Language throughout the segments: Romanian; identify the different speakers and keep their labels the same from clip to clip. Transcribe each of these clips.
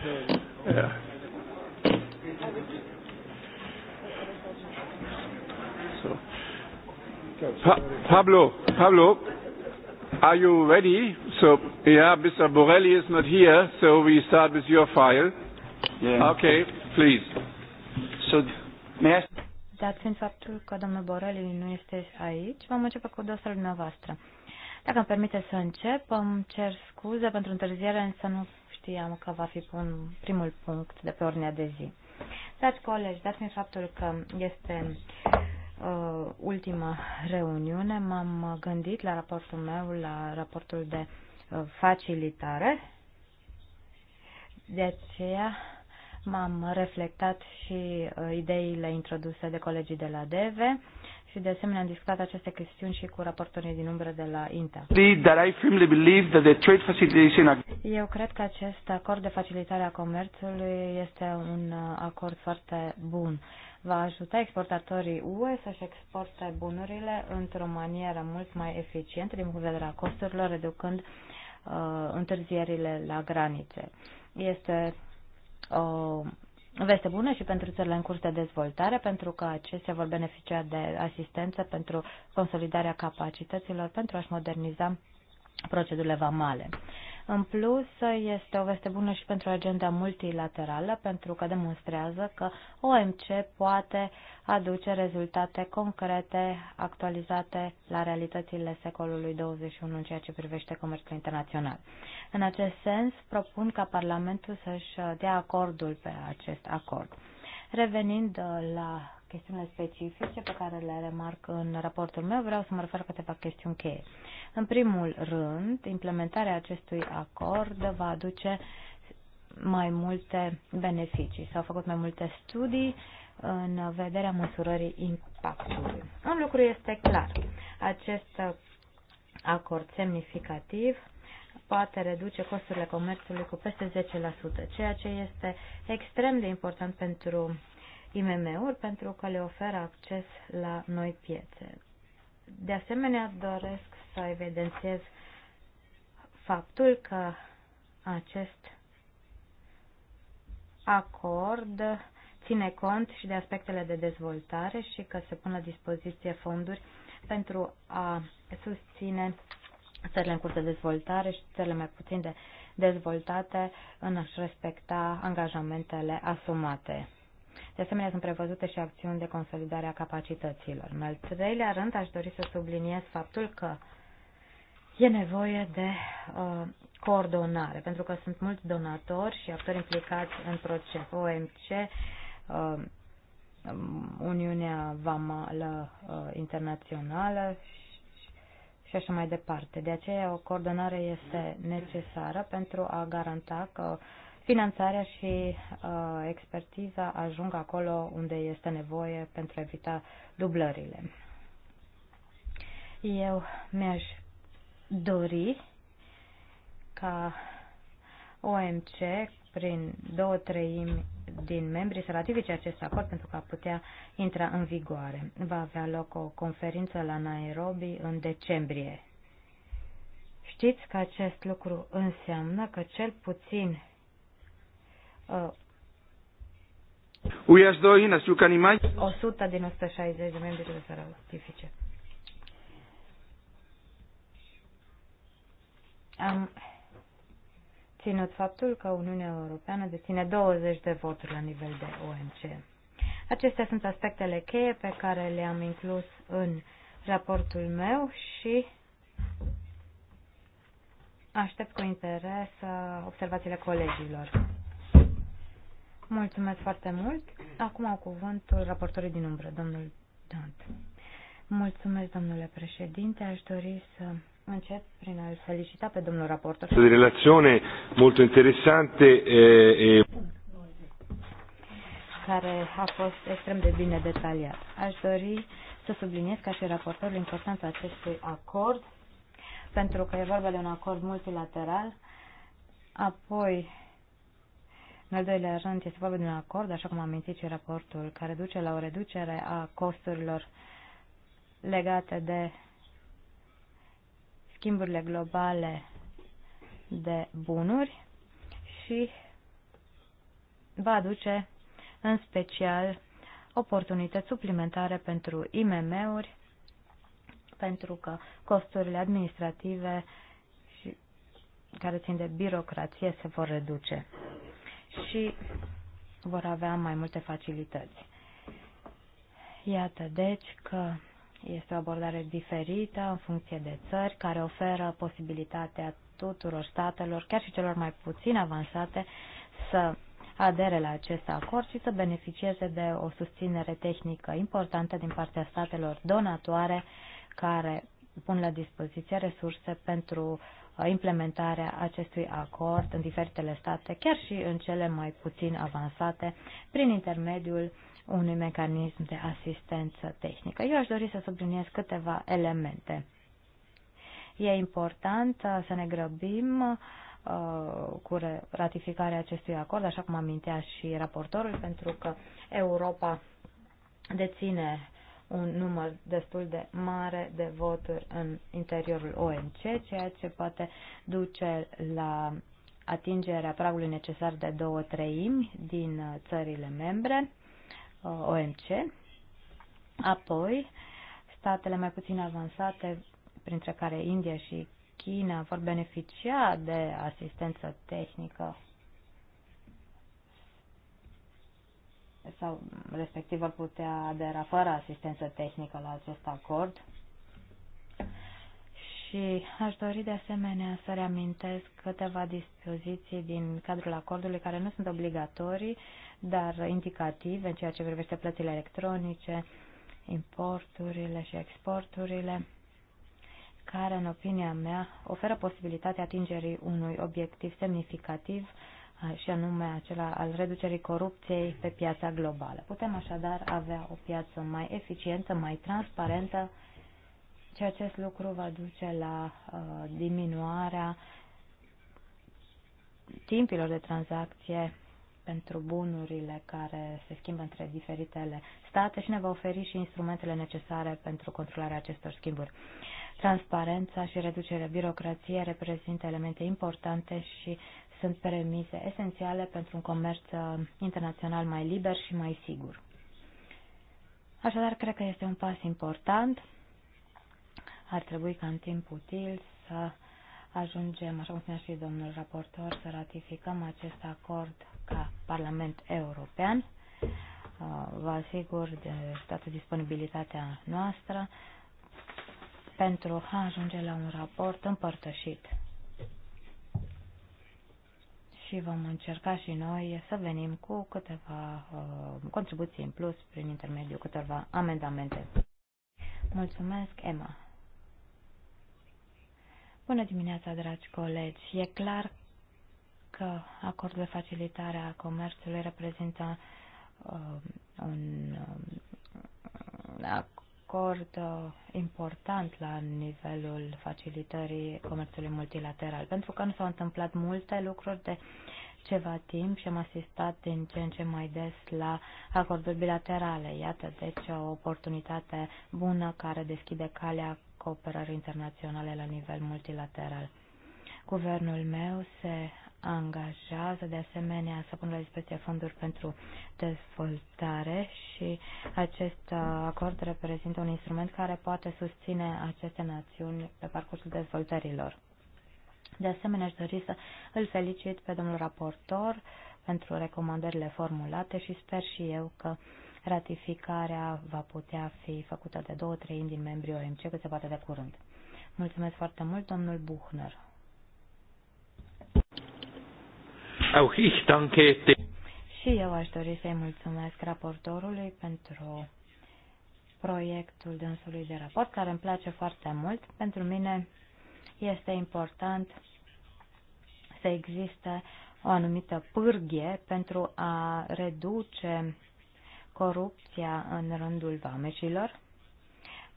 Speaker 1: Yeah.
Speaker 2: So. Pa Pablo, Pablo, are you ready? So, yeah, Mr. Borelli is not here, so we start with your file. Yeah. Okay, please. So, may I...
Speaker 3: Dat fiind faptul că domnul Borelli nu este aici, vom începe cu dosarul dumneavoastră. Dacă îmi permite să încep, îmi cer scuze pentru întârziere, însă nu știam că va fi un primul punct de pe ordinea de zi. Dragi colegi, dați-mi faptul că este uh, ultima reuniune, m-am gândit la raportul meu, la raportul de uh, facilitare. De aceea m-am reflectat și uh, ideile introduse de colegii de la DEVE și de asemenea am discutat aceste chestiuni și cu raportorii din umbră de la INTA. Eu cred că acest acord de facilitare a comerțului este un uh, acord foarte bun. Va ajuta exportatorii UE să-și exporte bunurile într-o manieră mult mai eficientă din punct de vedere a costurilor, reducând uh, întârzierile la granițe. Este o veste bună și pentru țările în curs de dezvoltare, pentru că acestea vor beneficia de asistență pentru consolidarea capacităților, pentru a-și moderniza procedurile vamale. În plus, este o veste bună și pentru agenda multilaterală, pentru că demonstrează că OMC poate aduce rezultate concrete, actualizate la realitățile secolului 21 în ceea ce privește comerțul internațional. În acest sens, propun ca Parlamentul să-și dea acordul pe acest acord. Revenind uh, la chestiunile specifice pe care le remarc în raportul meu, vreau să mă refer câteva chestiuni cheie. În primul rând, implementarea acestui acord va aduce mai multe beneficii. S-au făcut mai multe studii în vederea măsurării impactului. Un lucru este clar. Acest acord semnificativ poate reduce costurile comerțului cu peste 10%, ceea ce este extrem de important pentru IMM-uri pentru că le oferă acces la noi piețe. De asemenea, doresc să evidențiez faptul că acest acord ține cont și de aspectele de dezvoltare și că se pun la dispoziție fonduri pentru a susține țările în curs de dezvoltare și țările mai puțin de dezvoltate în a-și respecta angajamentele asumate. De asemenea, sunt prevăzute și acțiuni de consolidare a capacităților. În al treilea rând, aș dori să subliniez faptul că e nevoie de uh, coordonare, pentru că sunt mulți donatori și actori implicați în proces. OMC, uh, um, Uniunea Vamală uh, Internațională și așa mai departe. De aceea o coordonare este necesară pentru a garanta că uh, finanțarea și uh, expertiza ajung acolo unde este nevoie pentru a evita dublările. Eu mi-aș dori ca OMC, prin două treimi din membrii, să ratifice acest acord pentru că a putea intra în vigoare. Va avea loc o conferință la Nairobi în decembrie. Știți că acest lucru înseamnă că cel puțin
Speaker 2: Ujazdo uh, in, doi, you can imagine.
Speaker 3: 100 din 160 de membri de să ratifice. Am ținut faptul că Uniunea Europeană deține 20 de voturi la nivel de OMC. Acestea sunt aspectele cheie pe care le-am inclus în raportul meu și aștept cu interes uh, observațiile colegilor. Mulțumesc foarte mult. Acum au cuvântul raportorii din umbră, domnul Dant. Mulțumesc, domnule președinte. Aș dori să încep prin a-l felicita pe domnul raportor. O
Speaker 2: relație mult interesantă e...
Speaker 3: care a fost extrem de bine detaliat. Aș dori să subliniez ca și raportorul importanța acestui acord, pentru că e vorba de un acord multilateral, apoi în al doilea rând, este vorba de un acord, așa cum am mințit și raportul, care duce la o reducere a costurilor legate de schimburile globale de bunuri și va aduce în special oportunități suplimentare pentru IMM-uri, pentru că costurile administrative și care țin de birocrație se vor reduce și vor avea mai multe facilități. Iată deci că este o abordare diferită în funcție de țări care oferă posibilitatea tuturor statelor, chiar și celor mai puțin avansate, să adere la acest acord și să beneficieze de o susținere tehnică importantă din partea statelor donatoare care pun la dispoziție resurse pentru Uh, implementarea acestui acord în diferitele state, chiar și în cele mai puțin avansate, prin intermediul unui mecanism de asistență tehnică. Eu aș dori să subliniez câteva elemente. E important uh, să ne grăbim uh, cu ratificarea acestui acord, așa cum amintea și raportorul, pentru că Europa deține un număr destul de mare de voturi în interiorul OMC, ceea ce poate duce la atingerea pragului necesar de două treimi din uh, țările membre uh, OMC. Apoi, statele mai puțin avansate, printre care India și China, vor beneficia de asistență tehnică sau respectiv ar putea adera fără asistență tehnică la acest acord. Și aș dori de asemenea să reamintesc câteva dispoziții din cadrul acordului care nu sunt obligatorii, dar indicative în ceea ce privește plățile electronice, importurile și exporturile, care, în opinia mea, oferă posibilitatea atingerii unui obiectiv semnificativ uh, și anume acela al reducerii corupției pe piața globală. Putem așadar avea o piață mai eficientă, mai transparentă și acest lucru va duce la uh, diminuarea timpilor de tranzacție pentru bunurile care se schimbă între diferitele state și ne va oferi și instrumentele necesare pentru controlarea acestor schimburi. Transparența și reducerea birocrației reprezintă elemente importante și sunt premise esențiale pentru un comerț uh, internațional mai liber și mai sigur. Așadar, cred că este un pas important. Ar trebui ca în timp util să ajungem, așa cum spunea și domnul raportor, să ratificăm acest acord ca Parlament European. Uh, vă asigur de toată disponibilitatea noastră pentru a ajunge la un raport împărtășit și vom încerca și noi să venim cu câteva uh, contribuții în plus prin intermediul câteva amendamente. Mulțumesc, Emma! Bună dimineața, dragi colegi! E clar că acordul de facilitare a comerțului reprezintă uh, un uh, acord uh, important la nivelul facilitării comerțului multilateral, pentru că nu s-au întâmplat multe lucruri de ceva timp și am asistat din ce în ce mai des la acorduri bilaterale. Iată, deci, o oportunitate bună care deschide calea cooperării internaționale la nivel multilateral. Guvernul meu se angajează de asemenea să pună la dispoziție fonduri pentru dezvoltare și acest uh, acord reprezintă un instrument care poate susține aceste națiuni pe parcursul dezvoltărilor. De asemenea, aș dori să îl felicit pe domnul raportor pentru recomandările formulate și sper și eu că ratificarea va putea fi făcută de două treimi din membrii OMC cât se poate de curând. Mulțumesc foarte mult, domnul Buchner.
Speaker 1: Auch ich danke
Speaker 3: și eu aș dori să-i mulțumesc raportorului pentru proiectul dânsului de raport, care îmi place foarte mult. Pentru mine este important să existe o anumită pârghie pentru a reduce corupția în rândul vameșilor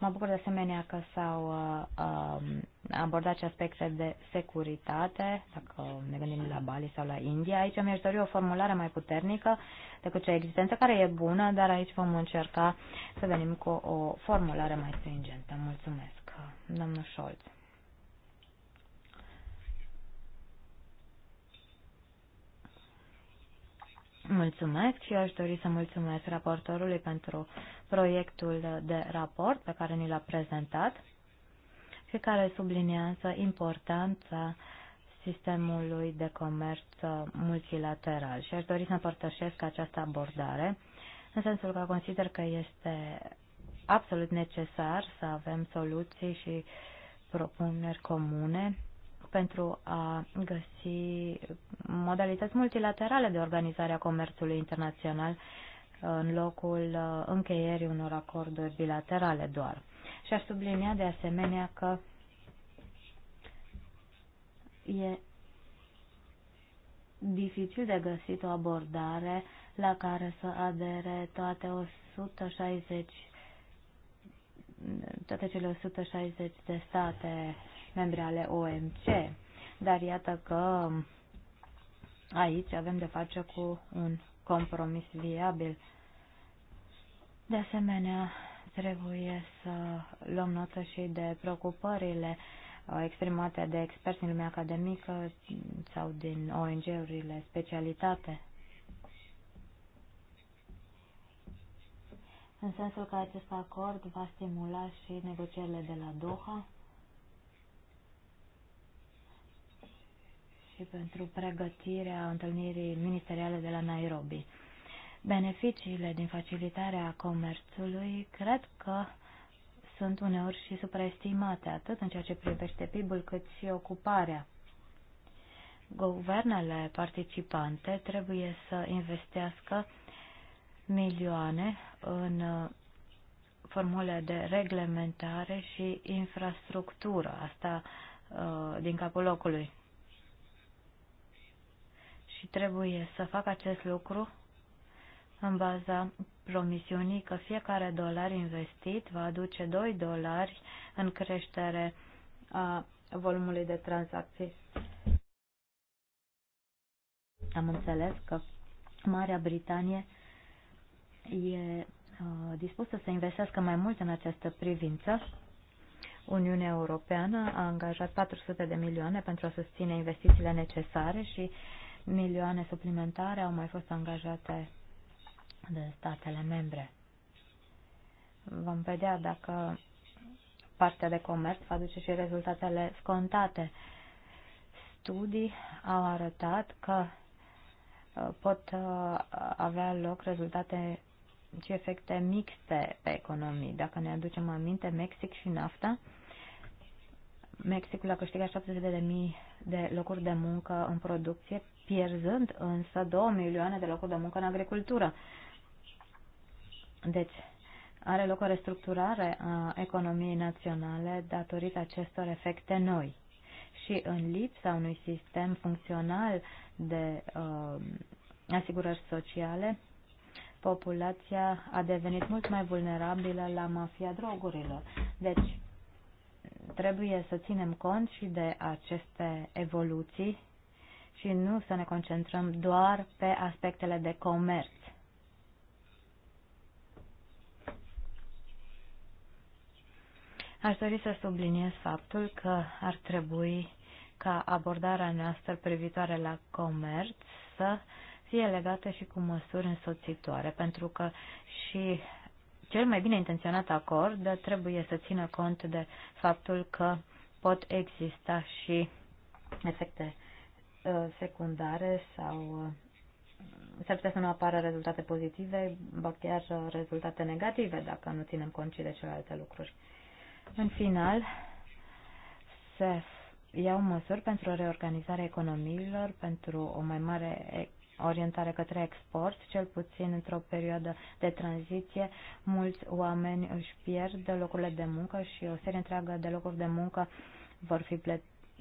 Speaker 3: Mă bucur de asemenea că s-au uh, um, abordat și aspecte de securitate, dacă ne gândim la Bali sau la India. Aici mi-aș dori o formulare mai puternică decât cea existență, care e bună, dar aici vom încerca să venim cu o formulare mai stringentă. Mulțumesc, domnul Scholz. Mulțumesc și aș dori să mulțumesc raportorului pentru proiectul de raport pe care ni l-a prezentat și care subliniază importanța sistemului de comerț multilateral. Și aș dori să împărtășesc această abordare, în sensul că consider că este absolut necesar să avem soluții și propuneri comune pentru a găsi modalități multilaterale de organizare a comerțului internațional în locul uh, încheierii unor acorduri bilaterale doar. Și aș sublinia de asemenea că e dificil de găsit o abordare la care să adere toate 160 toate cele 160 de state membre ale OMC. Dar iată că aici avem de face cu un compromis viabil. De asemenea, trebuie să luăm notă și de preocupările uh, exprimate de experți din lumea academică sau din ONG-urile specialitate. În sensul că acest acord va stimula și negocierile de la Doha și pentru pregătirea întâlnirii ministeriale de la Nairobi. Beneficiile din facilitarea comerțului cred că sunt uneori și supraestimate, atât în ceea ce privește PIB-ul, cât și ocuparea. Guvernele participante trebuie să investească milioane în formule de reglementare și infrastructură, asta uh, din capul locului și trebuie să fac acest lucru în baza promisiunii că fiecare dolar investit va aduce 2 dolari în creștere a volumului de tranzacții. Am înțeles că Marea Britanie e dispusă să investească mai mult în această privință. Uniunea Europeană a angajat 400 de milioane pentru a susține investițiile necesare și uh, milioane suplimentare au mai fost angajate de statele membre. Vom vedea dacă partea de comerț va duce și rezultatele scontate. Studii au arătat că uh, pot uh, avea loc rezultate și efecte mixte pe economii. Dacă ne aducem aminte, Mexic și NAFTA, Mexicul a câștigat 70.000 de locuri de muncă în producție pierzând însă 2 milioane de locuri de muncă în agricultură. Deci, are loc o restructurare a economiei naționale datorită acestor efecte noi. Și în lipsa unui sistem funcțional de uh, asigurări sociale, populația a devenit mult mai vulnerabilă la mafia drogurilor. Deci, trebuie să ținem cont și de aceste evoluții și nu să ne concentrăm doar pe aspectele de comerț. Aș dori să subliniez faptul că ar trebui ca abordarea noastră privitoare la comerț să fie legată și cu măsuri însoțitoare, pentru că și cel mai bine intenționat acord trebuie să țină cont de faptul că pot exista și efecte Uh, secundare sau uh, s-ar putea să nu apară rezultate pozitive, ba chiar uh, rezultate negative dacă nu ținem cont și de celelalte lucruri. În final, se iau măsuri pentru reorganizarea economiilor, pentru o mai mare orientare către export, cel puțin într-o perioadă de tranziție, mulți oameni își pierd locurile de muncă și o serie întreagă de locuri de muncă vor fi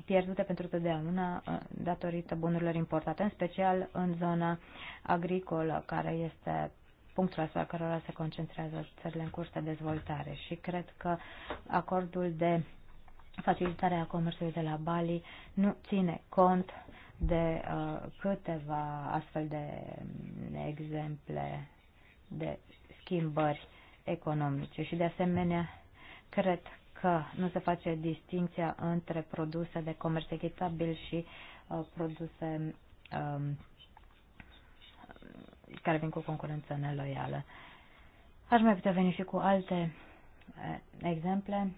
Speaker 3: pierdute pentru totdeauna uh, datorită bunurilor importate, în special în zona agricolă, care este punctul asupra cărora se concentrează țările în curs de dezvoltare. Și cred că acordul de facilitare a comerțului de la Bali nu ține cont de uh, câteva astfel de mm, exemple de schimbări economice și de asemenea cred că nu se face distinția între produse de comerț echitabil și uh, produse um, care vin cu concurență neloială. Aș mai putea veni și cu alte uh, exemple.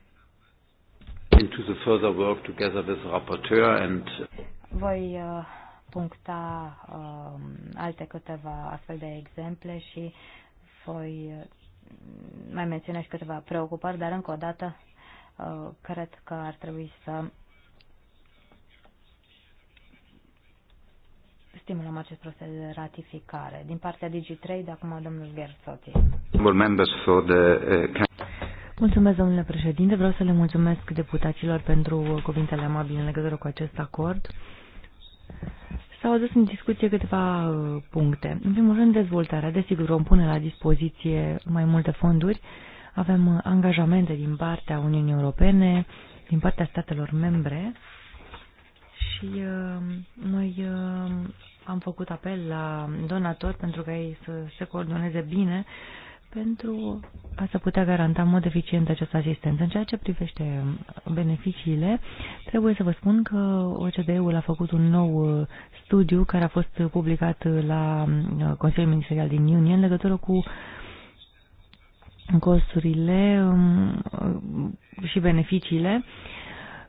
Speaker 2: Into the further work together with rapporteur and
Speaker 3: voi uh, puncta uh, alte câteva astfel de exemple și voi uh, mai menționez câteva preocupări, dar încă o dată Uh, cred că ar trebui să stimulăm acest proces de ratificare. Din partea Digi3, de acum domnul Gersotti.
Speaker 2: Uh,
Speaker 4: mulțumesc, domnule președinte. Vreau să le mulțumesc deputaților pentru cuvintele amabile în legătură cu acest acord. S-au adus în discuție câteva uh, puncte. În primul rând, dezvoltarea. Desigur, vom pune la dispoziție mai multe fonduri. Avem uh, angajamente din partea Uniunii Europene, din partea statelor membre și uh, noi uh, am făcut apel la donatori pentru ca ei să se coordoneze bine pentru a se putea garanta în mod eficient această asistență. În ceea ce privește beneficiile, trebuie să vă spun că OCDE-ul a făcut un nou studiu care a fost publicat la Consiliul Ministerial din iunie în legătură cu costurile um, um, și beneficiile.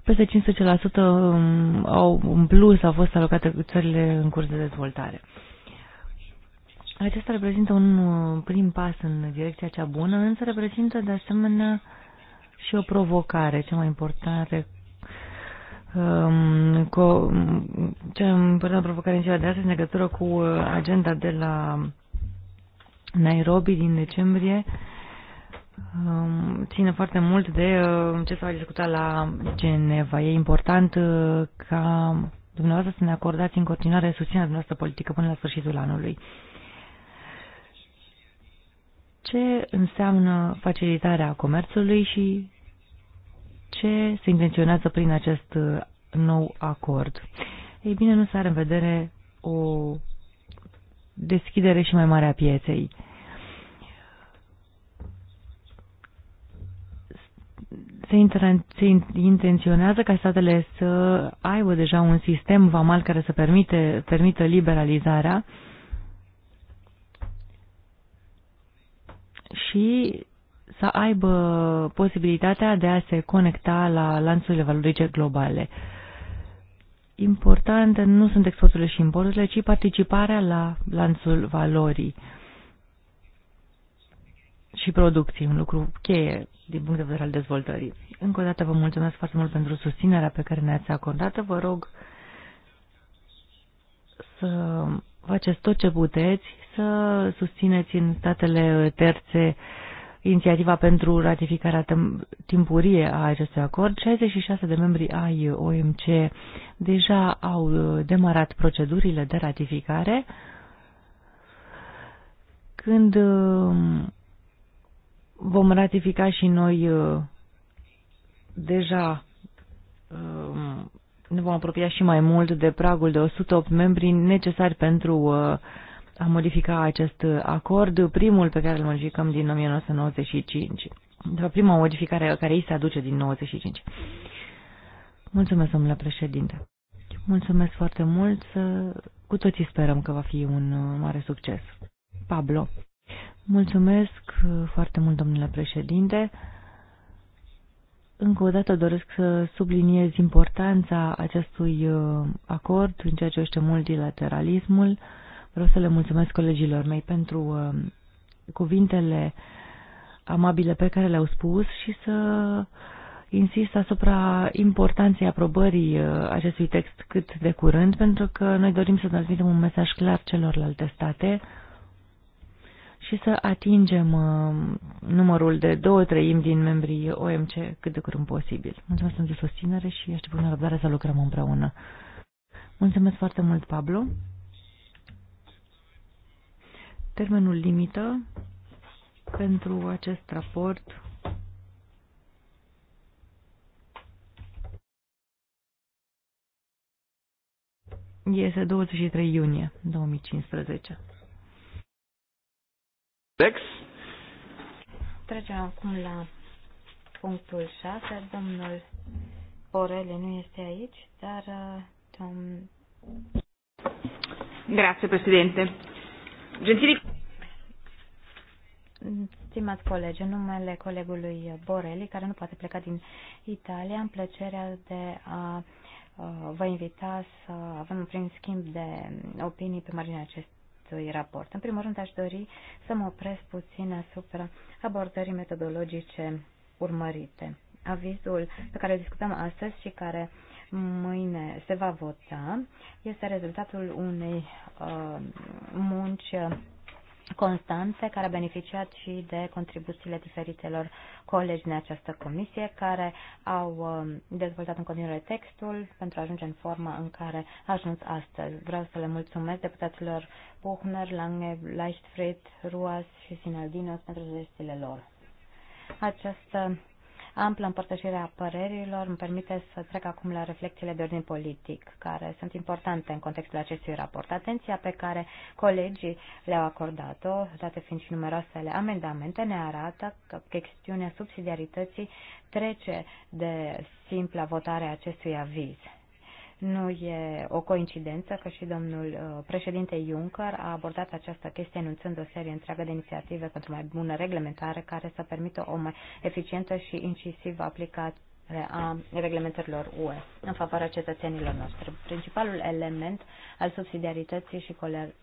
Speaker 4: Peste 15% um, au, în plus au fost alocate țările în curs de dezvoltare. Acesta reprezintă un uh, prim pas în direcția cea bună, însă reprezintă de asemenea și o provocare, cea mai importantă cu, cea mai importantă provocare în ziua de astăzi în legătură cu uh, agenda de la Nairobi din decembrie, uh, Um, ține foarte mult de uh, ce s-a discutat la Geneva. E important uh, ca dumneavoastră să ne acordați în continuare susținerea dumneavoastră politică până la sfârșitul anului. Ce înseamnă facilitarea comerțului și ce se intenționează prin acest uh, nou acord? Ei bine, nu se are în vedere o deschidere și mai mare a pieței. se, se intenționează ca statele să aibă deja un sistem vamal care să permite, permită liberalizarea și să aibă posibilitatea de a se conecta la lanțurile valorice globale. Importante nu sunt exporturile și importurile, ci participarea la lanțul valorii. Uh, și producții, un lucru cheie din punct de vedere al dezvoltării. Încă o dată vă mulțumesc foarte mult pentru susținerea pe care ne-ați acordat Vă rog să faceți tot ce puteți, să susțineți în statele terțe inițiativa pentru ratificarea timpurie a acestui acord. 66 de membri ai OMC deja au demarat procedurile de ratificare. Când vom ratifica și noi uh, deja um, ne vom apropia și mai mult de pragul de 108 membri necesari pentru uh, a modifica acest acord, primul pe care îl modificăm din 1995. De prima modificare care îi se aduce din 95. Mulțumesc, domnule președinte. Mulțumesc foarte mult. Cu toții sperăm că va fi un uh, mare succes. Pablo. Mulțumesc uh, foarte mult, domnule președinte. Încă o dată doresc să subliniez importanța acestui uh, acord în ceea ce este multilateralismul. Vreau să le mulțumesc colegilor mei pentru uh, cuvintele amabile pe care le-au spus și să insist asupra importanței aprobării acestui text cât de curând, pentru că noi dorim să transmitem un mesaj clar celorlalte state și să atingem uh, numărul de două treimi din membrii OMC cât de curând posibil. Mulțumesc pentru susținere și aștept cu nerăbdare să lucrăm împreună. Mulțumesc foarte mult, Pablo. Termenul limită pentru acest raport este 23 iunie 2015.
Speaker 3: 6. Trecem acum la punctul 6. Domnul Orele nu este aici, dar domn... Uh,
Speaker 4: Grazie, președinte.
Speaker 3: Gentili... Stimați colegi, în numele colegului Borelli, care nu poate pleca din Italia, am plăcerea de a uh, vă invita să avem un prim schimb de opinii pe marginea acest acestui raport. În primul rând, aș dori să mă opresc puțin asupra abordării metodologice urmărite. Avizul pe care îl discutăm astăzi și care mâine se va vota este rezultatul unei uh, munci Constanțe, care a beneficiat și de contribuțiile diferitelor colegi din această comisie, care au um, dezvoltat în continuare textul pentru a ajunge în forma în care a ajuns astăzi. Vreau să le mulțumesc deputaților Buchner, Lange, Leichtfried, Ruas și Sinaldinos pentru sugestiile lor. Această amplă împărtășire a părerilor îmi permite să trec acum la reflexiile de ordin politic, care sunt importante în contextul acestui raport. Atenția pe care colegii le-au acordat-o, date fiind și numeroasele amendamente, ne arată că chestiunea subsidiarității trece de simpla votare a acestui aviz. Nu e o coincidență că și domnul uh, președinte Juncker a abordat această chestie anunțând o serie întreagă de inițiative pentru mai bună reglementare care să permită o mai eficientă și incisivă aplicare a reglementărilor UE în favoarea cetățenilor noștri. Principalul element al subsidiarității și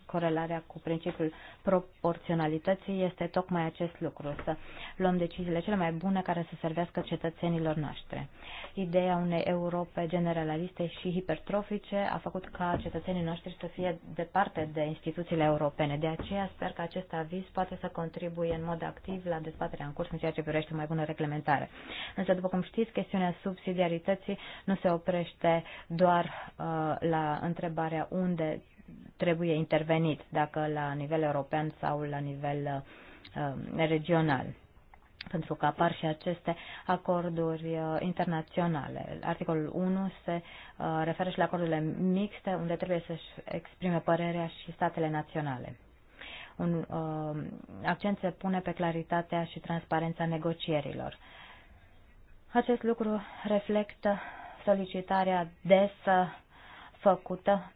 Speaker 3: corelarea cu principiul proporționalității este tocmai acest lucru, să luăm deciziile cele mai bune care să servească cetățenilor noștri. Ideea unei Europe generaliste și hipertrofice a făcut ca cetățenii noștri să fie departe de instituțiile europene. De aceea sper că acest aviz poate să contribuie în mod activ la dezbaterea în curs în ceea ce privește mai bună reglementare. Însă, după cum știți, chestiunea chestiunea subsidiarității nu se oprește doar uh, la întrebarea unde trebuie intervenit, dacă la nivel european sau la nivel uh, regional pentru că apar și aceste acorduri uh, internaționale. Articolul 1 se referă și la acordurile mixte, unde trebuie să-și exprime părerea și statele naționale. Un accent se pune pe claritatea și transparența negocierilor. Acest lucru reflectă solicitarea des făcută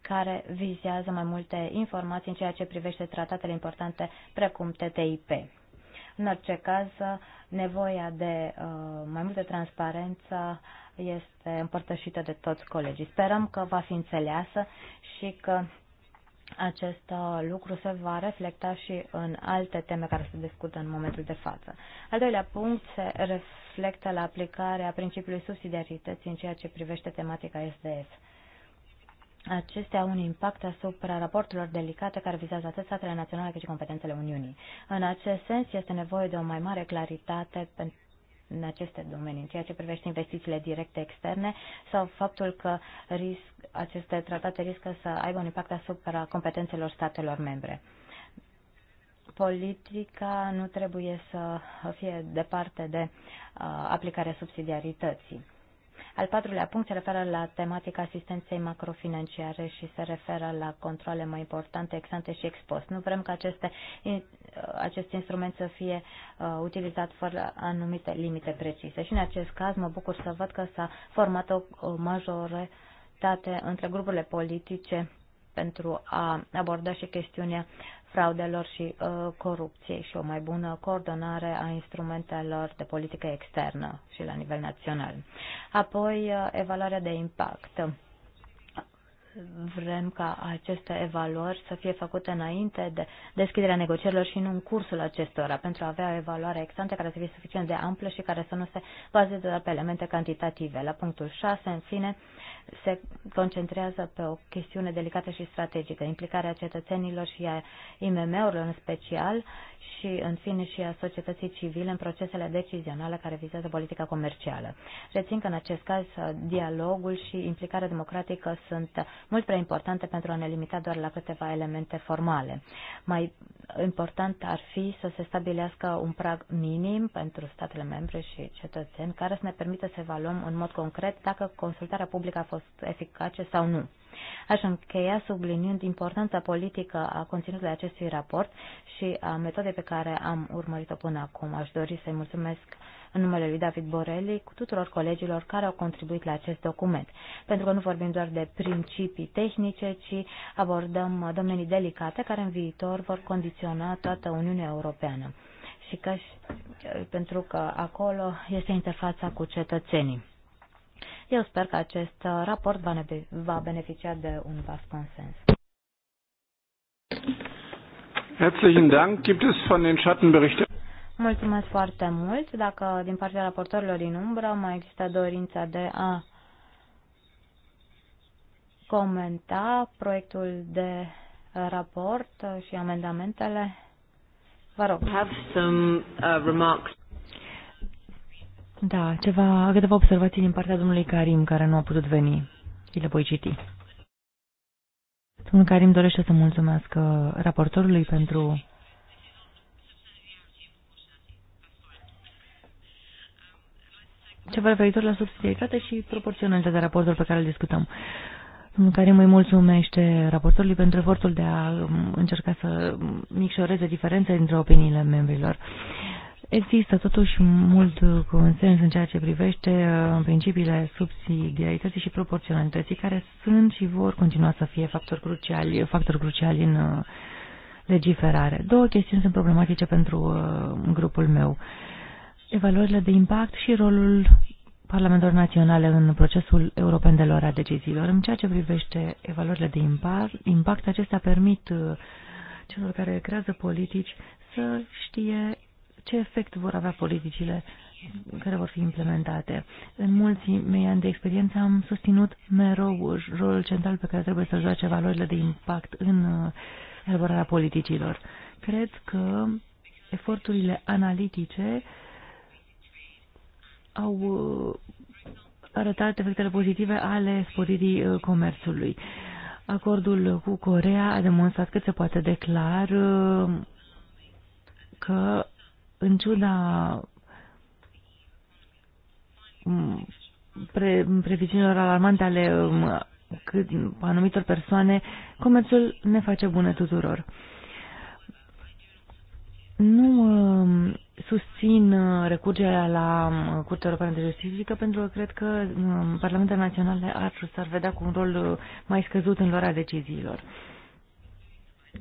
Speaker 3: care vizează mai multe informații în ceea ce privește tratatele importante precum TTIP. În orice caz, nevoia de uh, mai multă transparență este împărtășită de toți colegii. Sperăm că va fi înțeleasă și că acest uh, lucru se va reflecta și în alte teme care se discută în momentul de față. Al doilea punct se reflectă la aplicarea principiului subsidiarității în ceea ce privește tematica SDS. Acestea au un impact asupra raporturilor delicate care vizează atât statele naționale cât și competențele Uniunii. În acest sens, este nevoie de o mai mare claritate pentru în aceste domenii, în ceea ce privește investițiile directe externe sau faptul că risc, aceste tratate riscă să aibă un impact asupra competențelor statelor membre. Politica nu trebuie să fie departe de uh, aplicarea subsidiarității. Al patrulea punct se referă la tematica asistenței macrofinanciare și se referă la controle mai importante, exante și expost. Nu vrem ca aceste, acest instrument să fie uh, utilizat fără anumite limite precise. Și în acest caz mă bucur să văd că s-a format o, majoritate între grupurile politice pentru a aborda și chestiunea fraudelor și uh, corupției și o mai bună coordonare a instrumentelor de politică externă și la nivel național. Apoi, uh, evaluarea de impact. Vrem ca aceste evaluări să fie făcute înainte de deschiderea negocierilor și nu în cursul acestora, pentru a avea o evaluare extantă care să fie suficient de amplă și care să nu se bazeze doar pe elemente cantitative. La punctul 6, în fine, uh, se concentrează pe o chestiune delicată și strategică, implicarea cetățenilor și a IMM-urilor în special și, în fine, și a societății civile în procesele decizionale care vizează politica comercială. Rețin că, în acest caz, dialogul și implicarea democratică sunt mult prea importante pentru a ne limita doar la câteva elemente formale. Mai important ar fi să se stabilească un prag minim pentru statele membre și cetățeni care să ne permită să evaluăm în mod concret dacă consultarea publică a fost eficace sau nu. Aș încheia subliniind importanța politică a conținutului acestui raport și a metodei pe care am urmărit-o până acum. Aș dori să-i mulțumesc în numele lui David Borelli cu tuturor colegilor care au contribuit la acest document, pentru că nu vorbim doar de principii tehnice, ci abordăm domenii delicate care în viitor vor condiționa toată Uniunea Europeană și că, pentru că acolo este interfața cu cetățenii. Eu sper că acest uh, raport va, va beneficia de un vast consens.
Speaker 2: Herzlichen Dank. Gibt es von den Schattenberichten?
Speaker 3: Mulțumesc foarte mult. Dacă din partea raportorilor din umbră mai există dorința de a comenta proiectul de raport și amendamentele,
Speaker 4: vă rog. Have some, uh, remarks. Da, ceva, câteva observații din partea domnului Karim, care nu a putut veni. Îi le voi citi. Domnul Karim dorește să mulțumesc raportorului pentru ceva referitor la subsidiaritate și proporționalitatea raportului pe care îl discutăm. Domnul Karim îi mulțumește raportorului pentru efortul de a um, încerca să micșoreze diferențe dintre opiniile membrilor. Uh, Există totuși mult uh, consens în ceea ce privește uh, principiile subsidiarității și proporționalității, care sunt și vor continua să fie factori cruciali, factori cruciali în uh, legiferare. Două chestiuni sunt problematice pentru grupul meu. Evaluările de impact și rolul parlamentelor naționale în procesul european de luare a deciziilor. În ceea ce privește evaluările de impact, impact acestea permit celor care creează politici să știe ce efect vor avea politicile care vor fi implementate. În mulți mei ani de experiență am susținut mereu rolul central pe care trebuie să joace valorile de impact în uh, elaborarea politicilor. Cred că eforturile analitice au uh, arătat efectele pozitive ale sporirii uh, comerțului. Acordul cu Corea a demonstrat cât se poate declar că în ciuda pre, previziunilor alarmante ale cât, anumitor persoane, comerțul ne face bune tuturor. Nu uh, susțin recurgerea la Curtea Europeană de Justiție pentru că cred că Parlamentele Naționale ar, ar vedea cu un rol uh, mai scăzut în luarea deciziilor. Uh,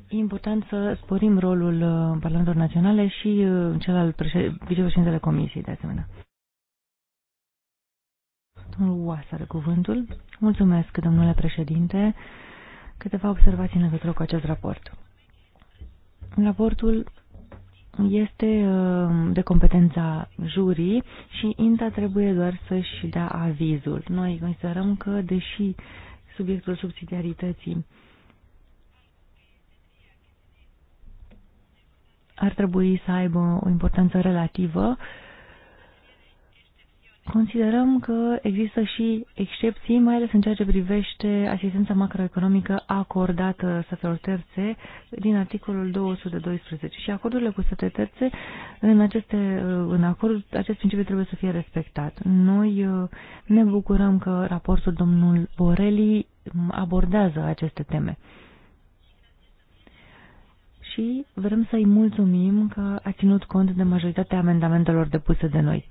Speaker 4: E important să sporim rolul uh, Parlamentului Naționale și uh, cel al vicepreședintele Comisiei, de asemenea. Domnul Oasă are cuvântul. Mulțumesc, domnule președinte. Câteva observații în legătură cu acest raport. Raportul este uh, de competența jurii și INTA trebuie doar să-și dea avizul. Noi considerăm că, deși subiectul subsidiarității ar trebui să aibă o importanță relativă, considerăm că există și excepții, mai ales în ceea ce privește asistența macroeconomică acordată statelor terțe din articolul 212 și acordurile cu state terțe în, aceste, în acord, acest principiu trebuie să fie respectat. Noi uh, ne bucurăm că raportul domnul Borelli um, abordează aceste teme și vrem să-i mulțumim că a ținut cont de majoritatea amendamentelor depuse de noi.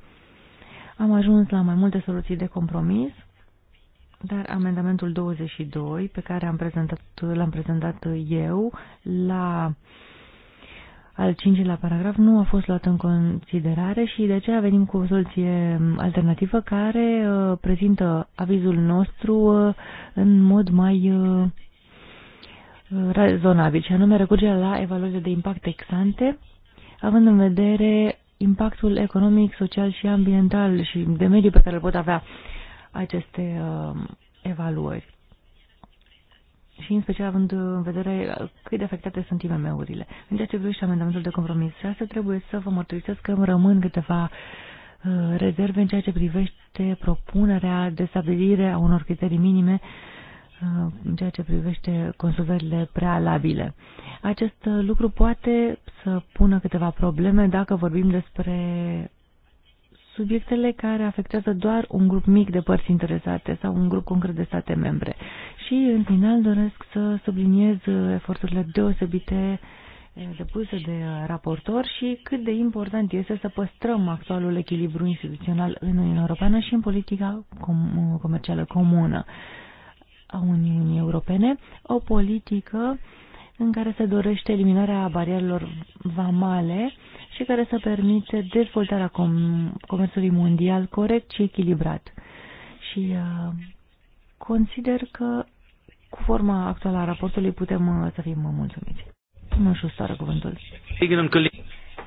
Speaker 4: Am ajuns la mai multe soluții de compromis, dar amendamentul 22 pe care am prezentat, l-am prezentat eu la al cincilea paragraf nu a fost luat în considerare și de aceea venim cu o soluție alternativă care uh, prezintă avizul nostru uh, în mod mai uh, rezonabil, și anume recurgerea la evaluările de impact exante, având în vedere impactul economic, social și ambiental și de mediu pe care îl pot avea aceste uh, evaluări. Și în special având în vedere cât de afectate sunt IMM-urile. În ceea ce privește amendamentul de compromis 6, trebuie să vă mărturisesc că îmi rămân câteva uh, rezerve în ceea ce privește propunerea de stabilire a unor criterii minime uh, Uh, în ceea ce privește consultările prealabile. Acest uh, lucru poate să pună câteva probleme dacă vorbim despre subiectele care afectează doar un grup mic de părți interesate sau un grup concret de state membre. Și, în final, doresc să subliniez uh, eforturile deosebite depuse de raportor și cât de important este să păstrăm actualul echilibru instituțional în Uniunea Europeană și în politica com comercială comună a Uniunii Europene, o politică în care se dorește eliminarea barierelor vamale și care să permite dezvoltarea com comerțului mondial corect și echilibrat. Și uh, consider că cu forma actuală a raportului putem uh, să fim mulțumiți. Nu știu, stară cuvântul.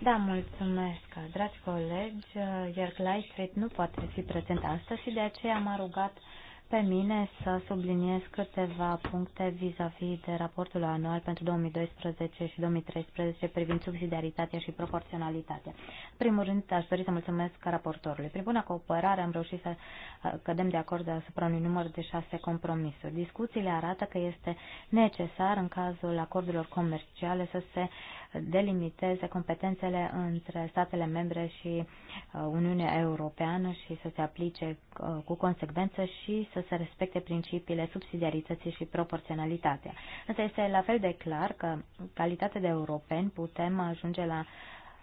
Speaker 3: Da, mulțumesc, dragi colegi. Iar Clyde nu poate fi prezent astăzi și de aceea m-a rugat pe mine să subliniez câteva puncte vis-a-vis -vis de raportul anual pentru 2012 și 2013 privind subsidiaritatea și proporționalitatea. În primul rând, aș dori să mulțumesc raportorului. Prin bună cooperare am reușit să uh, cădem de acord asupra unui număr de șase compromisuri. Discuțiile arată că este necesar în cazul acordurilor comerciale să se delimiteze competențele între statele membre și uh, Uniunea Europeană și să se aplice uh, cu consecvență și să se respecte principiile subsidiarității și proporționalitatea. Însă este la fel de clar că, în calitate de europeni, putem ajunge la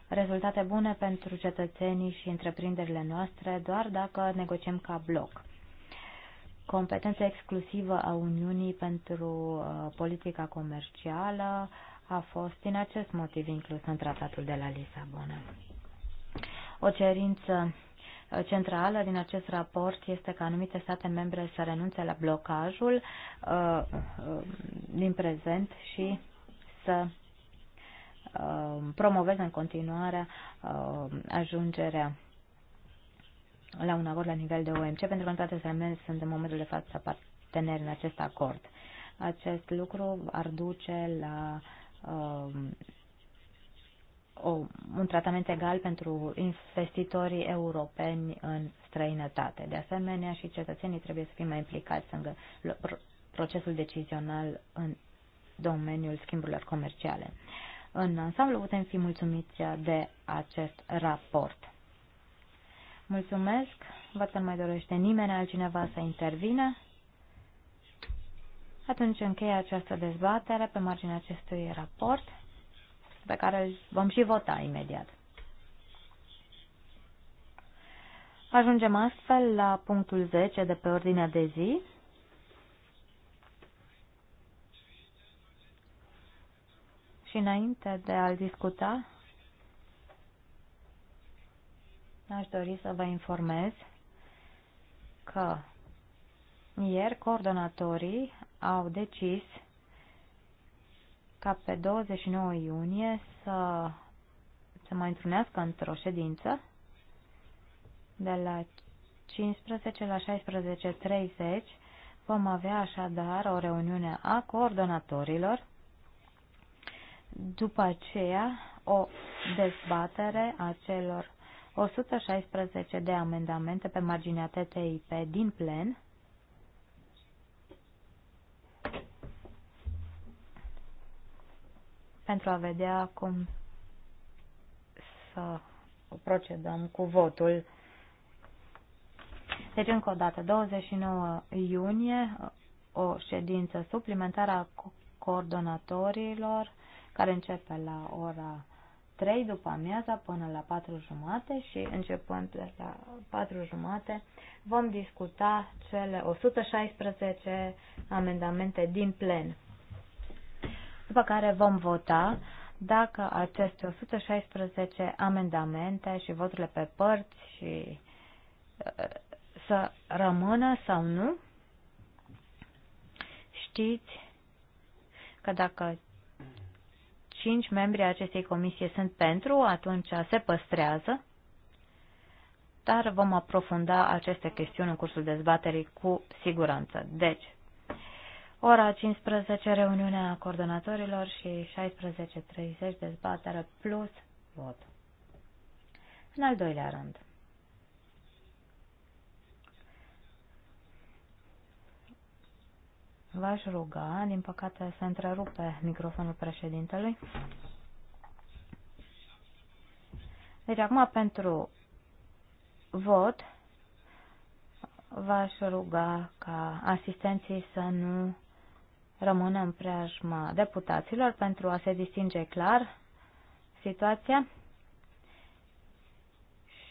Speaker 3: rezultate bune pentru cetățenii și întreprinderile noastre doar dacă negociem ca bloc. Competența exclusivă a Uniunii pentru uh, politica comercială a fost din acest motiv inclus în tratatul de la Lisabona. O cerință centrală din acest raport este că anumite state membre să renunțe la blocajul uh, uh, din prezent și să uh, promoveze în continuare ajungerea la un acord la nivel de OMC, pentru că toate statele sunt în momentul de față parteneri în acest acord. Acest lucru ar duce la o, un tratament egal pentru investitorii europeni în străinătate. De asemenea, și cetățenii trebuie să fie mai implicați în procesul decizional în domeniul schimburilor comerciale. În ansamblu putem fi mulțumiți de acest raport. Mulțumesc. Văd că nu mai dorește nimeni altcineva să intervină. Atunci încheie această dezbatere pe marginea acestui raport pe care îl vom și vota imediat. Ajungem astfel la punctul 10 de pe ordinea de zi. Și înainte de a-l discuta, aș dori să vă informez că ieri coordonatorii au decis ca pe 29 iunie să se mai întrunească într-o ședință de la 15 la 16.30 vom avea așadar o reuniune a coordonatorilor, după aceea o dezbatere a celor 116 de amendamente pe marginea TTIP din plen, pentru a vedea cum să procedăm cu votul. Deci, încă o dată, 29 iunie, o ședință suplimentară a coordonatorilor, care începe la ora 3 după amiaza până la 4 jumate și începând de la 4 jumate vom discuta cele 116 amendamente din plen după care vom vota dacă aceste 116 amendamente și voturile pe părți și uh, să rămână sau nu. Știți că dacă cinci membri acestei comisie sunt pentru, atunci se păstrează, dar vom aprofunda aceste chestiuni în cursul dezbaterii cu siguranță. Deci, ora 15 reuniunea coordonatorilor și 16.30 dezbatere plus vot. În al doilea rând, v-aș ruga, din păcate se întrerupe microfonul președintelui. Deci acum pentru vot v-aș ruga ca asistenții să nu rămână în preajma deputaților pentru a se distinge clar situația.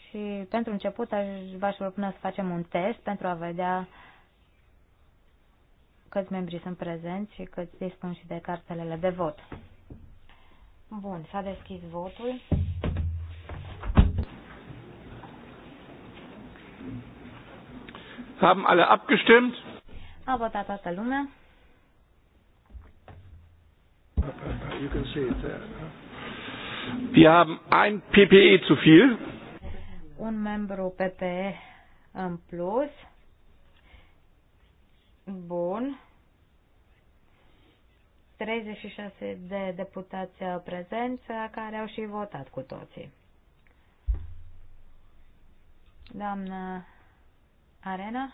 Speaker 3: Și pentru început aș, v-aș propune să facem un test pentru a vedea câți membri sunt prezenți și câți dispun și de cartelele de vot. Bun, s-a deschis votul.
Speaker 2: Haben alle abgestimmt?
Speaker 3: A votat toată lumea.
Speaker 2: Wir haben ein PPE zu viel.
Speaker 3: Un membru PPE în plus. Bun. 36 de deputați prezenți care au și votat cu toții. Doamna Arena?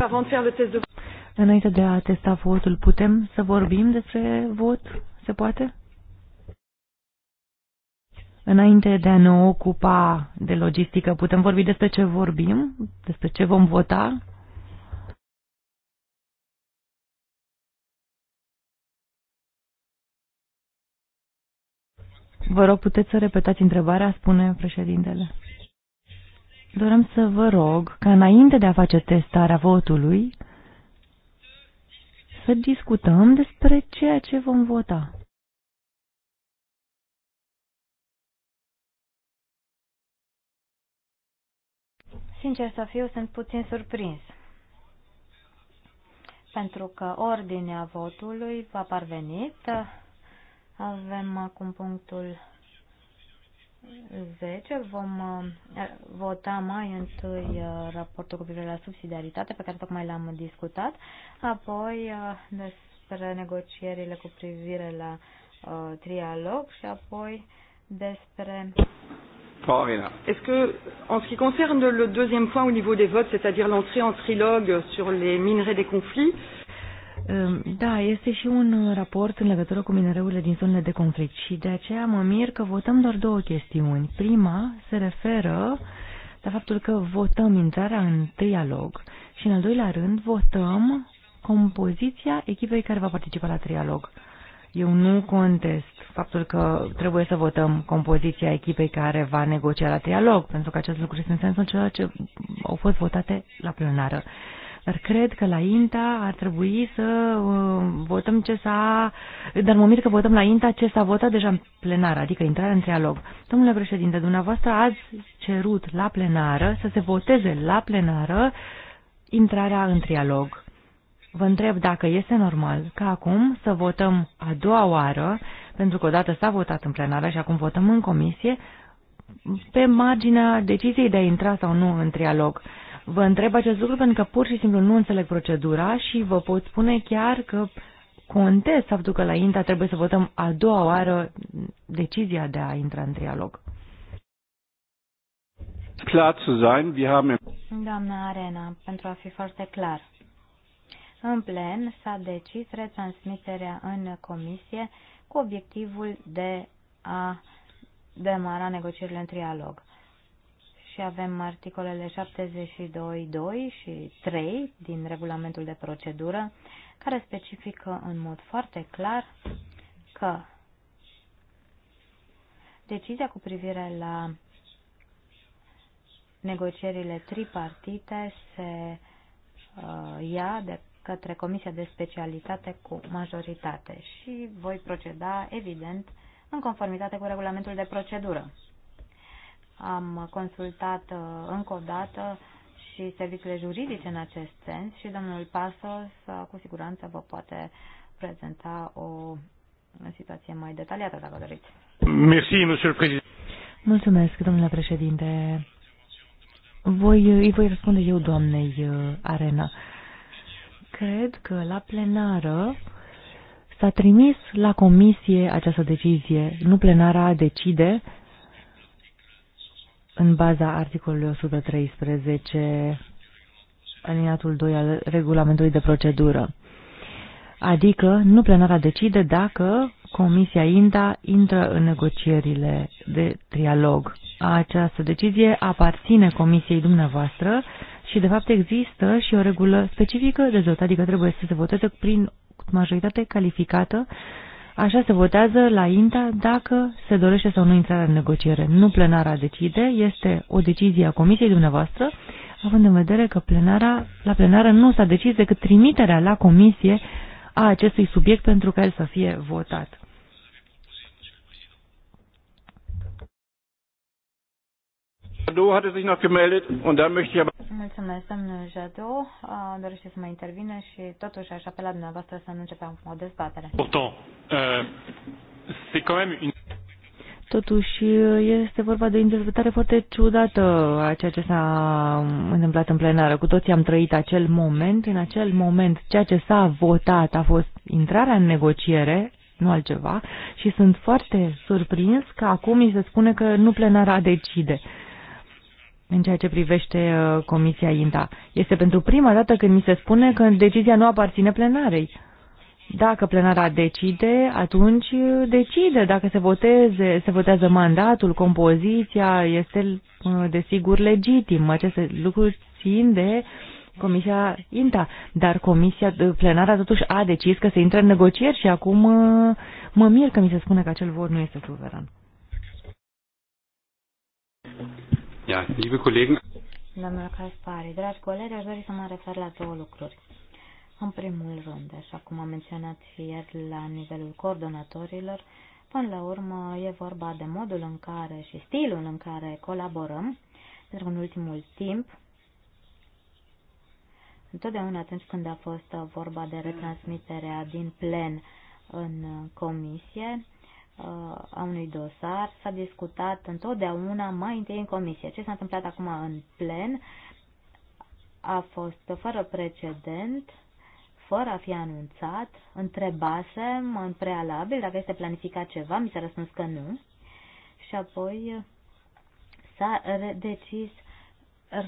Speaker 3: Avant de faire le test de
Speaker 4: Înainte de a testa votul, putem să vorbim despre vot? Se poate? Înainte de a ne ocupa de logistică, putem vorbi despre ce vorbim? Despre ce vom vota? Vă rog, puteți să repetați întrebarea, spune președintele. Dorem să vă rog ca înainte de a face testarea votului, să discutăm despre ceea ce vom vota.
Speaker 3: Sincer să fiu, sunt puțin surprins. Pentru că ordinea votului va parvenit. Avem acum punctul 10 vom uh, vota mai întâi uh, raportul cu privire la subsidiaritate pe care tocmai l-am discutat, apoi uh, despre negocierile cu privire la uh, trialog și apoi desprès.
Speaker 4: Est-ce que, en ce qui concerne le deuxième point au niveau des votes, c'est-à-dire l'entrée en trilogue sur les minerais des conflits, euh, Ehm, da, este și un uh, raport în legătură cu minereurile din zonele de conflict și de aceea mă mir că votăm doar două chestiuni. Prima se referă la faptul că votăm intrarea în trialog și în al doilea rând votăm compoziția echipei care va participa la trialog. Eu nu contest faptul că trebuie să votăm compoziția echipei care va negocia la trialog, pentru că acest lucru este în sensul ceea ce au fost votate la plenară. Dar cred că la INTA ar trebui să uh, votăm ce s-a... Dar mă mir că votăm la INTA ce s-a votat deja în plenară, adică intrarea în trialog. Domnule președinte, dumneavoastră ați cerut la plenară să se voteze la plenară intrarea în trialog. Vă întreb dacă este normal ca acum să votăm a doua oară, pentru că odată s-a votat în plenară și acum votăm în comisie, pe marginea deciziei de a intra sau nu în trialog. Vă întreb acest lucru pentru că pur și simplu nu înțeleg procedura și vă pot spune chiar că contest faptul că la INTA trebuie să votăm a doua oară decizia de a intra în trialog.
Speaker 2: Clar să sein, wir haben...
Speaker 3: Doamna Arena, pentru a fi foarte clar. În plen s-a decis retransmiterea în comisie cu obiectivul de a demara negocierile în trialog și avem articolele 72.2 și 3 din regulamentul de procedură, care specifică în mod foarte clar că decizia cu privire la negocierile tripartite se uh, ia de către Comisia de Specialitate cu majoritate și voi proceda, evident, în conformitate cu regulamentul de procedură. Am consultat uh, încă o dată și serviciile juridice în acest sens și domnul Pasos uh, cu siguranță vă poate prezenta o situație mai detaliată, dacă doriți.
Speaker 2: Merci,
Speaker 1: monsieur président.
Speaker 4: Mulțumesc, domnule președinte. Voi, îi voi răspunde eu, doamnei uh, Arena. Cred că la plenară s-a trimis la comisie această decizie. Nu plenara decide, în baza articolului 113, alineatul 2 al regulamentului de procedură. Adică, nu plenara decide dacă Comisia INTA intră în negocierile de trialog. Această decizie aparține Comisiei dumneavoastră și, de fapt, există și o regulă specifică de zot, adică trebuie să se voteze prin majoritate calificată uh, Așa se votează la INTA dacă se dorește sau nu intrarea în negociere. Nu plenara decide, este o decizie a comisiei dumneavoastră, având în vedere că plenara, la plenară nu s-a decis decât trimiterea la comisie a acestui subiect pentru ca el să fie votat.
Speaker 2: Jadot hatte sich noch gemeldet und da, möchte ich aber...
Speaker 3: Mulțumesc, domnul Jadot. Dorește să mai intervine și totuși aș apela dumneavoastră să nu începem o dezbatere. Pourtant, uh, c'est quand même une...
Speaker 4: Totuși, este vorba de o interpretare foarte ciudată a ceea ce s-a întâmplat în plenară. Cu toții am trăit acel moment. În acel moment, ceea ce s-a votat a fost intrarea în negociere, nu altceva, și sunt foarte surprins că acum mi se spune că nu plenara decide. Uh, în ceea ce privește uh, Comisia INTA. Este pentru prima dată când mi se spune că decizia nu aparține plenarei. Dacă plenara decide, atunci uh, decide dacă se voteze, se votează mandatul, compoziția, este uh, desigur legitim. Aceste lucruri țin de Comisia INTA, dar Comisia Plenara totuși a decis că se intre în negocieri și acum mă mir că mi se spune că acel vot nu este suveran.
Speaker 2: Ja, liebe Kollegen.
Speaker 3: Domnul Caspari, dragi colegi, aș dori să mă refer la două lucruri. În primul rând, așa cum am menționat ieri la nivelul coordonatorilor, până la urmă e vorba de modul în care și stilul în care colaborăm, pentru că în ultimul timp, întotdeauna atunci când a fost vorba de retransmiterea din plen în comisie, Uh, a unui dosar s-a discutat întotdeauna mai întâi în comisie. Ce s-a întâmplat acum în plen a fost fără precedent, fără a fi anunțat, întrebasem în prealabil dacă este planificat ceva, mi s-a răspuns că nu și apoi s-a decis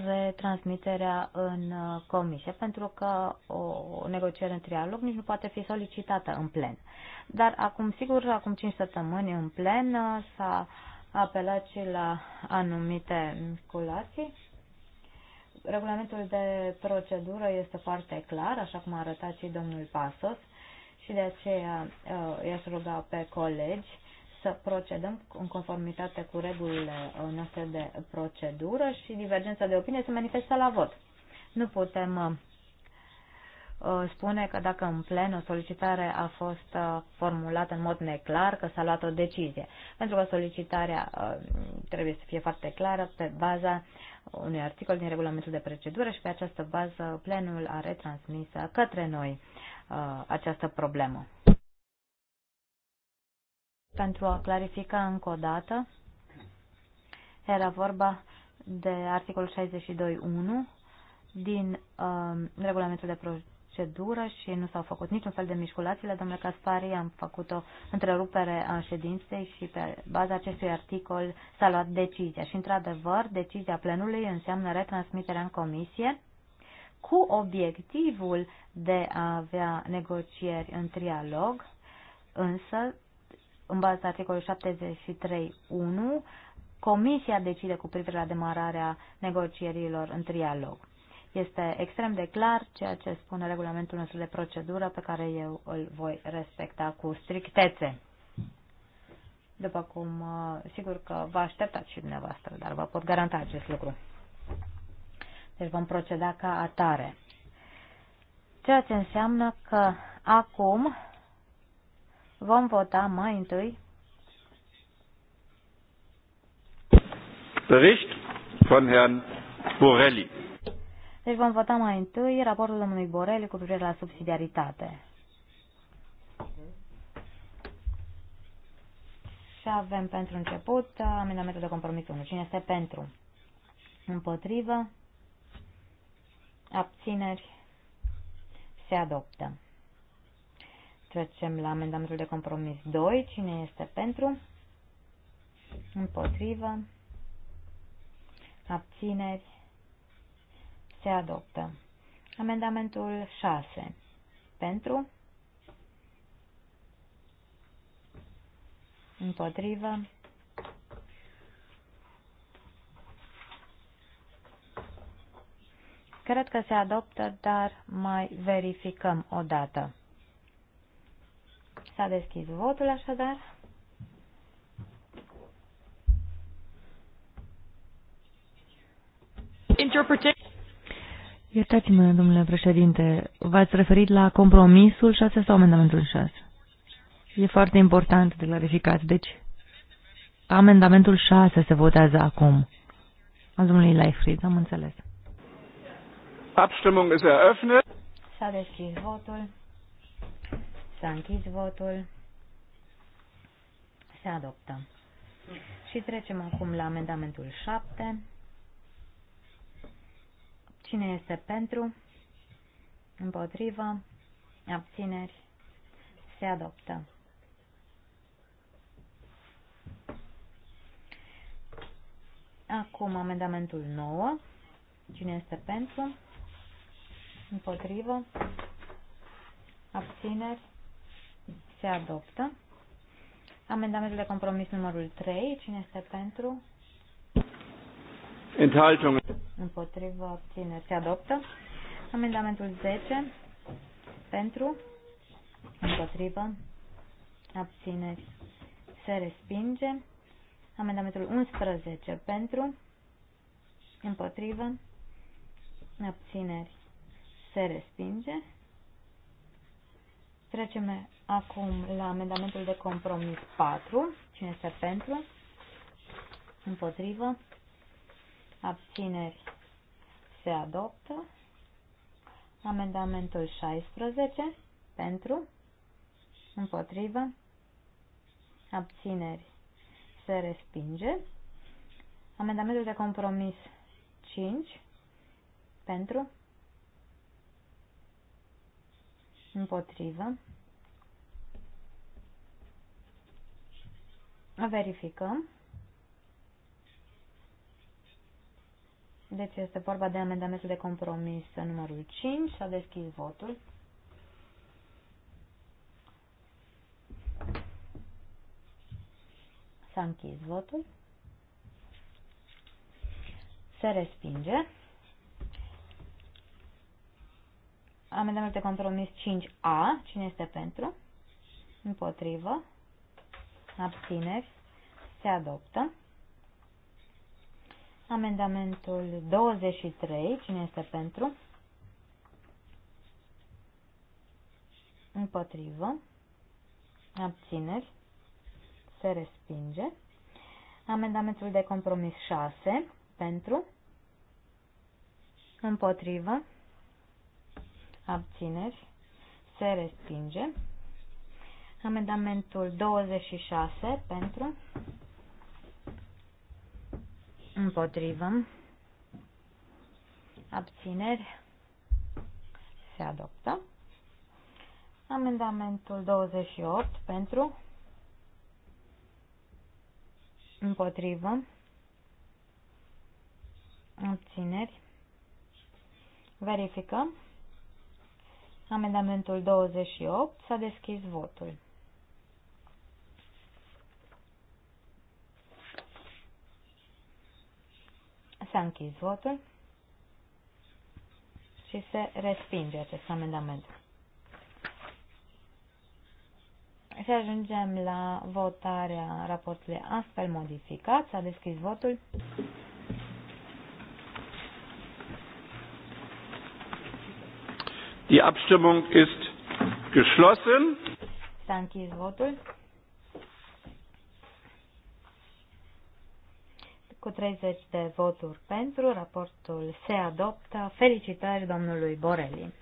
Speaker 3: retransmiterea în uh, comisie, pentru că o negociere în trialog nici nu poate fi solicitată în plen. Dar acum, sigur, acum 5 săptămâni în plen uh, s-a apelat și la anumite culații. Regulamentul de procedură este foarte clar, așa cum a arătat și domnul Pasos, și de aceea uh, i-aș ruga pe colegi să procedăm în conformitate cu regulile noastre de procedură și divergența de opinie se manifestă la vot. Nu putem uh, uh, spune că dacă în plen o solicitare a fost uh, formulată în mod neclar, că s-a luat o decizie. Pentru că solicitarea trebuie să fie foarte clară pe baza unui articol din regulamentul de procedură și pe această bază plenul a retransmis către noi această problemă. Pentru a clarifica încă o dată, era vorba de articolul 62.1 din uh, regulamentul de procedură și nu s-au făcut niciun fel de mișculațiile. Domnule Caspari, am făcut o întrerupere a ședinței și pe baza acestui articol s-a luat decizia. Și, într-adevăr, decizia plenului înseamnă retransmiterea în comisie cu obiectivul de a avea negocieri în trialog, însă în baza articolului 73.1, Comisia decide cu privire la demararea negocierilor în trialog. Este extrem de clar ceea ce spune regulamentul nostru de procedură pe care eu îl voi respecta cu strictețe. După cum, uh, sigur că vă așteptați și dumneavoastră, dar vă pot garanta acest lucru. Deci vom proceda ca atare. Ceea ce înseamnă că acum Vom vota mai întâi
Speaker 2: Bericht von Herrn Borelli.
Speaker 3: Deci vom vota mai întâi raportul domnului Borelli cu privire la subsidiaritate. Și avem pentru început amendamentul de compromis 1. Cine este pentru? Împotrivă? Abțineri? Se adoptă. Trecem la amendamentul de compromis 2. Cine este pentru? Împotrivă. Abțineri. Se adoptă. Amendamentul 6. Pentru. Împotrivă. Cred că se adoptă, dar mai verificăm o dată. S-a deschis votul așadar.
Speaker 4: Iertați-mă, domnule președinte, v-ați referit la compromisul 6 sau amendamentul 6? E foarte important de clarificat. Deci, amendamentul 6 se votează acum. Al domnului Leifried, am înțeles.
Speaker 2: Abstimmung ist eröffnet.
Speaker 3: S-a deschis votul. S-a închis votul. Se adoptă. Și trecem acum la amendamentul 7. Cine este pentru? Împotrivă? Abțineri? Se adoptă. Acum amendamentul 9. Cine este pentru? Împotrivă? Abțineri? se adoptă. Amendamentul de compromis numărul 3. Cine este pentru?
Speaker 2: Enthaltung.
Speaker 3: Împotrivă abțineri. Se adoptă. Amendamentul 10. Pentru. Împotrivă. Abțineri. Se respinge. Amendamentul 11. Pentru. Împotrivă. Abțineri. Se respinge. Trecem acum la amendamentul de compromis 4. Cine este pentru? Împotrivă? Abțineri? Se adoptă. Amendamentul 16. Pentru? Împotrivă? Abțineri? Se respinge. Amendamentul de compromis 5. Pentru? Împotrivă. Verificăm. Deci este vorba de amendamentul de compromis numărul 5. S-a deschis votul. S-a închis votul. Se respinge. Amendamentul de compromis 5A. Cine este pentru? Împotrivă. Abțineri. Se adoptă. Amendamentul 23. Cine este pentru? Împotrivă. Abțineri. Se respinge. Amendamentul de compromis 6. Pentru. Împotrivă abțineri, se respinge. Amendamentul 26 pentru, împotrivă, abțineri, se adoptă. Amendamentul 28 pentru, împotrivă, abțineri, verificăm. Amendamentul 28. S-a deschis votul. S-a închis votul și se respinge acest amendament. Și ajungem la votarea raportului astfel modificat. S-a deschis votul.
Speaker 2: Die Abstimmung ist geschlossen.
Speaker 3: Danke, votul. Cu 30 de voturi pentru, raportul se adoptă. Felicitări domnului Borelli.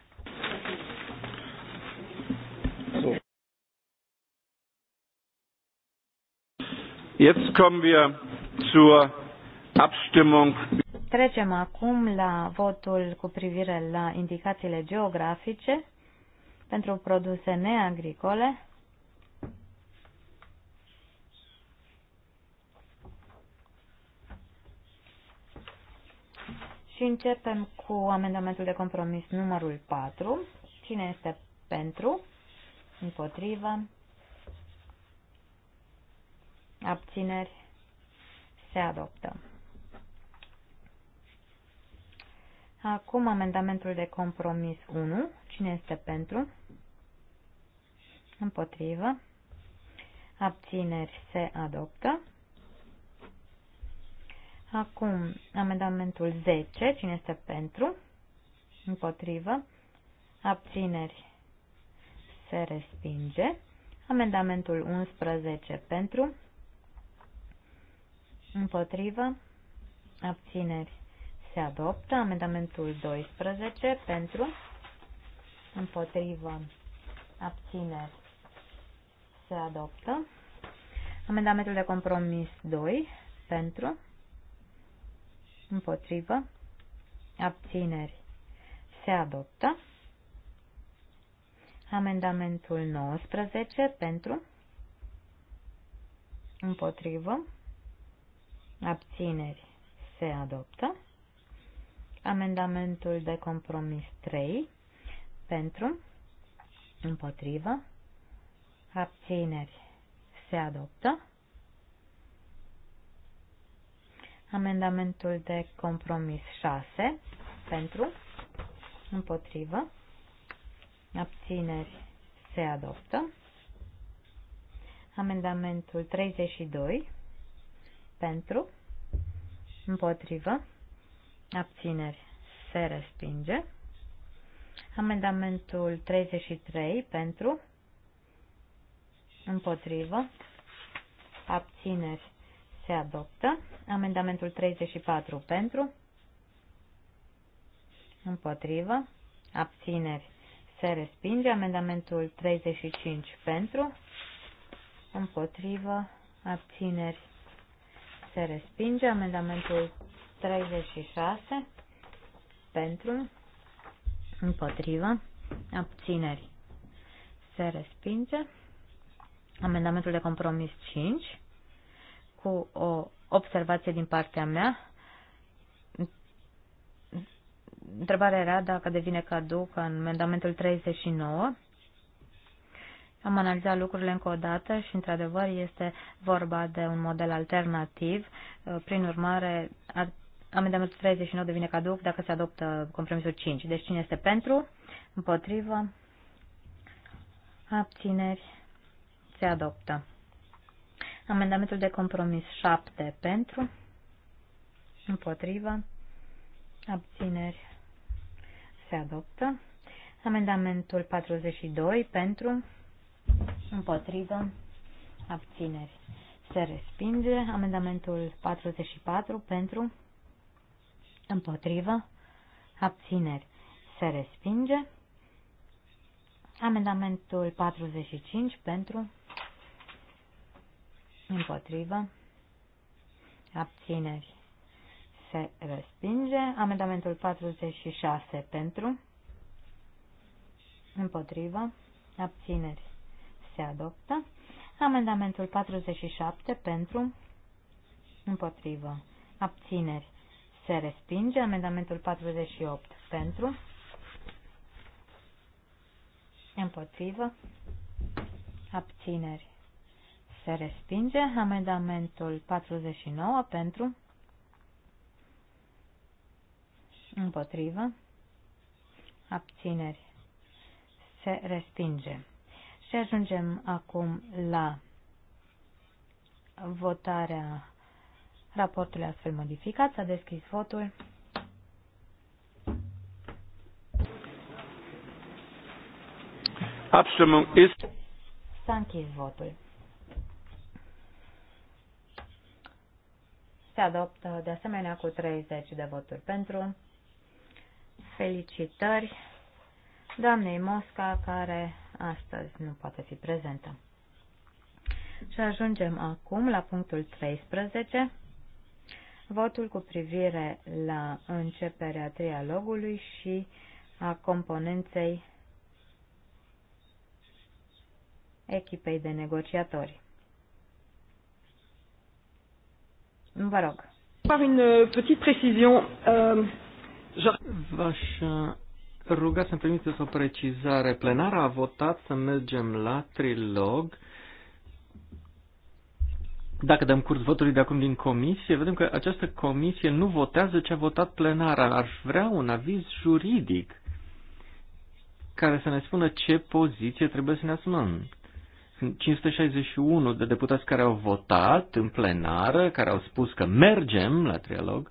Speaker 2: Jetzt kommen wir zur Abstimmung
Speaker 3: Trecem acum la votul cu privire la indicațiile geografice pentru produse neagricole. Și începem cu amendamentul de compromis numărul 4. Cine este pentru? Împotrivă? Abțineri? Se adoptă. Acum amendamentul de compromis 1. Cine este pentru? Împotrivă. Abțineri se adoptă. Acum amendamentul 10. Cine este pentru? Împotrivă. Abțineri se respinge. Amendamentul 11 pentru. Împotrivă. Abțineri se adoptă. Amendamentul 12 pentru, împotrivă, abțineri, se adoptă. Amendamentul de compromis 2 pentru, împotrivă, abțineri, se adoptă. Amendamentul 19 pentru, împotrivă, abțineri, se adoptă. Amendamentul de compromis 3 pentru, împotrivă, abțineri se adoptă. Amendamentul de compromis 6 pentru, împotrivă, abțineri se adoptă. Amendamentul 32 pentru, împotrivă, abțineri se respinge. Amendamentul 33 pentru, împotrivă, abțineri se adoptă. Amendamentul 34 pentru, împotrivă, abțineri se respinge. Amendamentul 35 pentru, împotrivă, abțineri se respinge. Amendamentul 36 pentru, împotrivă, abțineri. Se respinge. Amendamentul de compromis 5 cu o observație din partea mea. Întrebarea era dacă devine caduc în amendamentul 39. Am analizat lucrurile încă o dată și, într-adevăr, este vorba de un model alternativ. Prin urmare, ar Amendamentul 39 devine caduc dacă se adoptă compromisul 5. Deci cine este pentru? Împotrivă? Abțineri? Se adoptă. Amendamentul de compromis 7 pentru? Împotrivă? Abțineri? Se adoptă. Amendamentul 42 pentru? Împotrivă? Abțineri? Se respinge. Amendamentul 44 pentru? împotrivă, abțineri, se respinge. Amendamentul 45 pentru, împotrivă, abțineri, se respinge. Amendamentul 46 pentru, împotrivă, abțineri, se adoptă. Amendamentul 47 pentru, împotrivă, abțineri, se respinge amendamentul 48 pentru, împotrivă, abțineri. Se respinge amendamentul 49 pentru, împotrivă, abțineri. Se respinge. Și ajungem acum la votarea Raportul astfel modificat. S-a deschis votul. S-a închis votul. Se adoptă de asemenea cu 30 de voturi pentru. Felicitări doamnei Mosca, care astăzi nu poate fi prezentă. Și ajungem acum la punctul 13 votul cu privire la începerea trialogului și a componenței echipei de negociatori. Vă rog.
Speaker 1: Par une petite précision. Euh, V-aș uh, ruga să-mi permiteți o precizare. Plenara a votat să mergem la trilog dacă dăm curs votului de acum din comisie, vedem că această comisie nu votează ce a votat plenara. Ar vrea un aviz juridic care să ne spună ce poziție trebuie să ne asumăm. Sunt 561 de deputați care au votat în plenară, care au spus că mergem la trialog.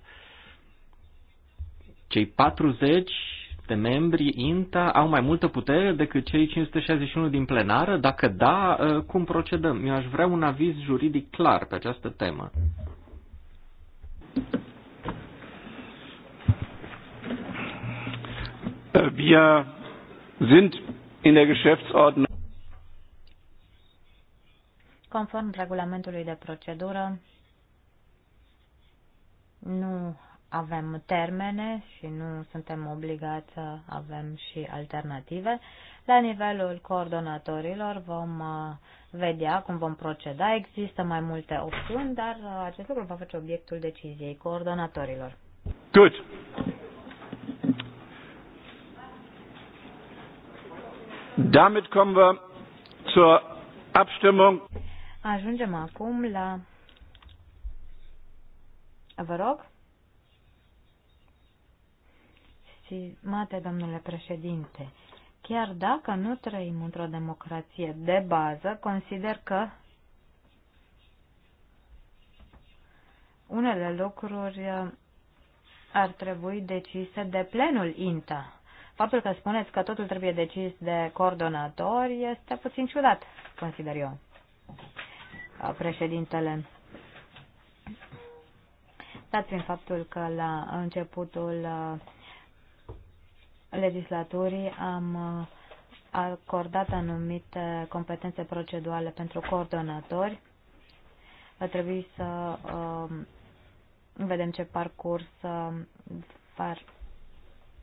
Speaker 1: Cei 40 de membri INTA au mai multă putere decât cei 561 din plenară? Dacă da, ă, cum procedăm? Eu aș vrea un aviz juridic clar pe această temă.
Speaker 2: Äh, wir sind in der Geschäftsordnung.
Speaker 3: Conform regulamentului de procedură, nu avem termene și nu suntem obligați să avem și alternative. La nivelul coordonatorilor vom uh, vedea cum vom proceda. Există mai multe opțiuni, dar uh, acest lucru va face obiectul deciziei coordonatorilor.
Speaker 2: Good. Damit kommen wir
Speaker 3: zur Abstimmung. Ajungem acum la Vă rog. Stimate domnule președinte, chiar dacă nu trăim într-o democrație de bază, consider că unele lucruri uh, ar trebui decise de plenul INTA. Faptul că spuneți că totul trebuie decis de coordonatori este puțin ciudat, consider eu, uh, președintele. Dați prin faptul că la începutul uh, legislaturii am uh, acordat anumite competențe proceduale pentru coordonatori. Va trebui să um, vedem ce parcurs par um,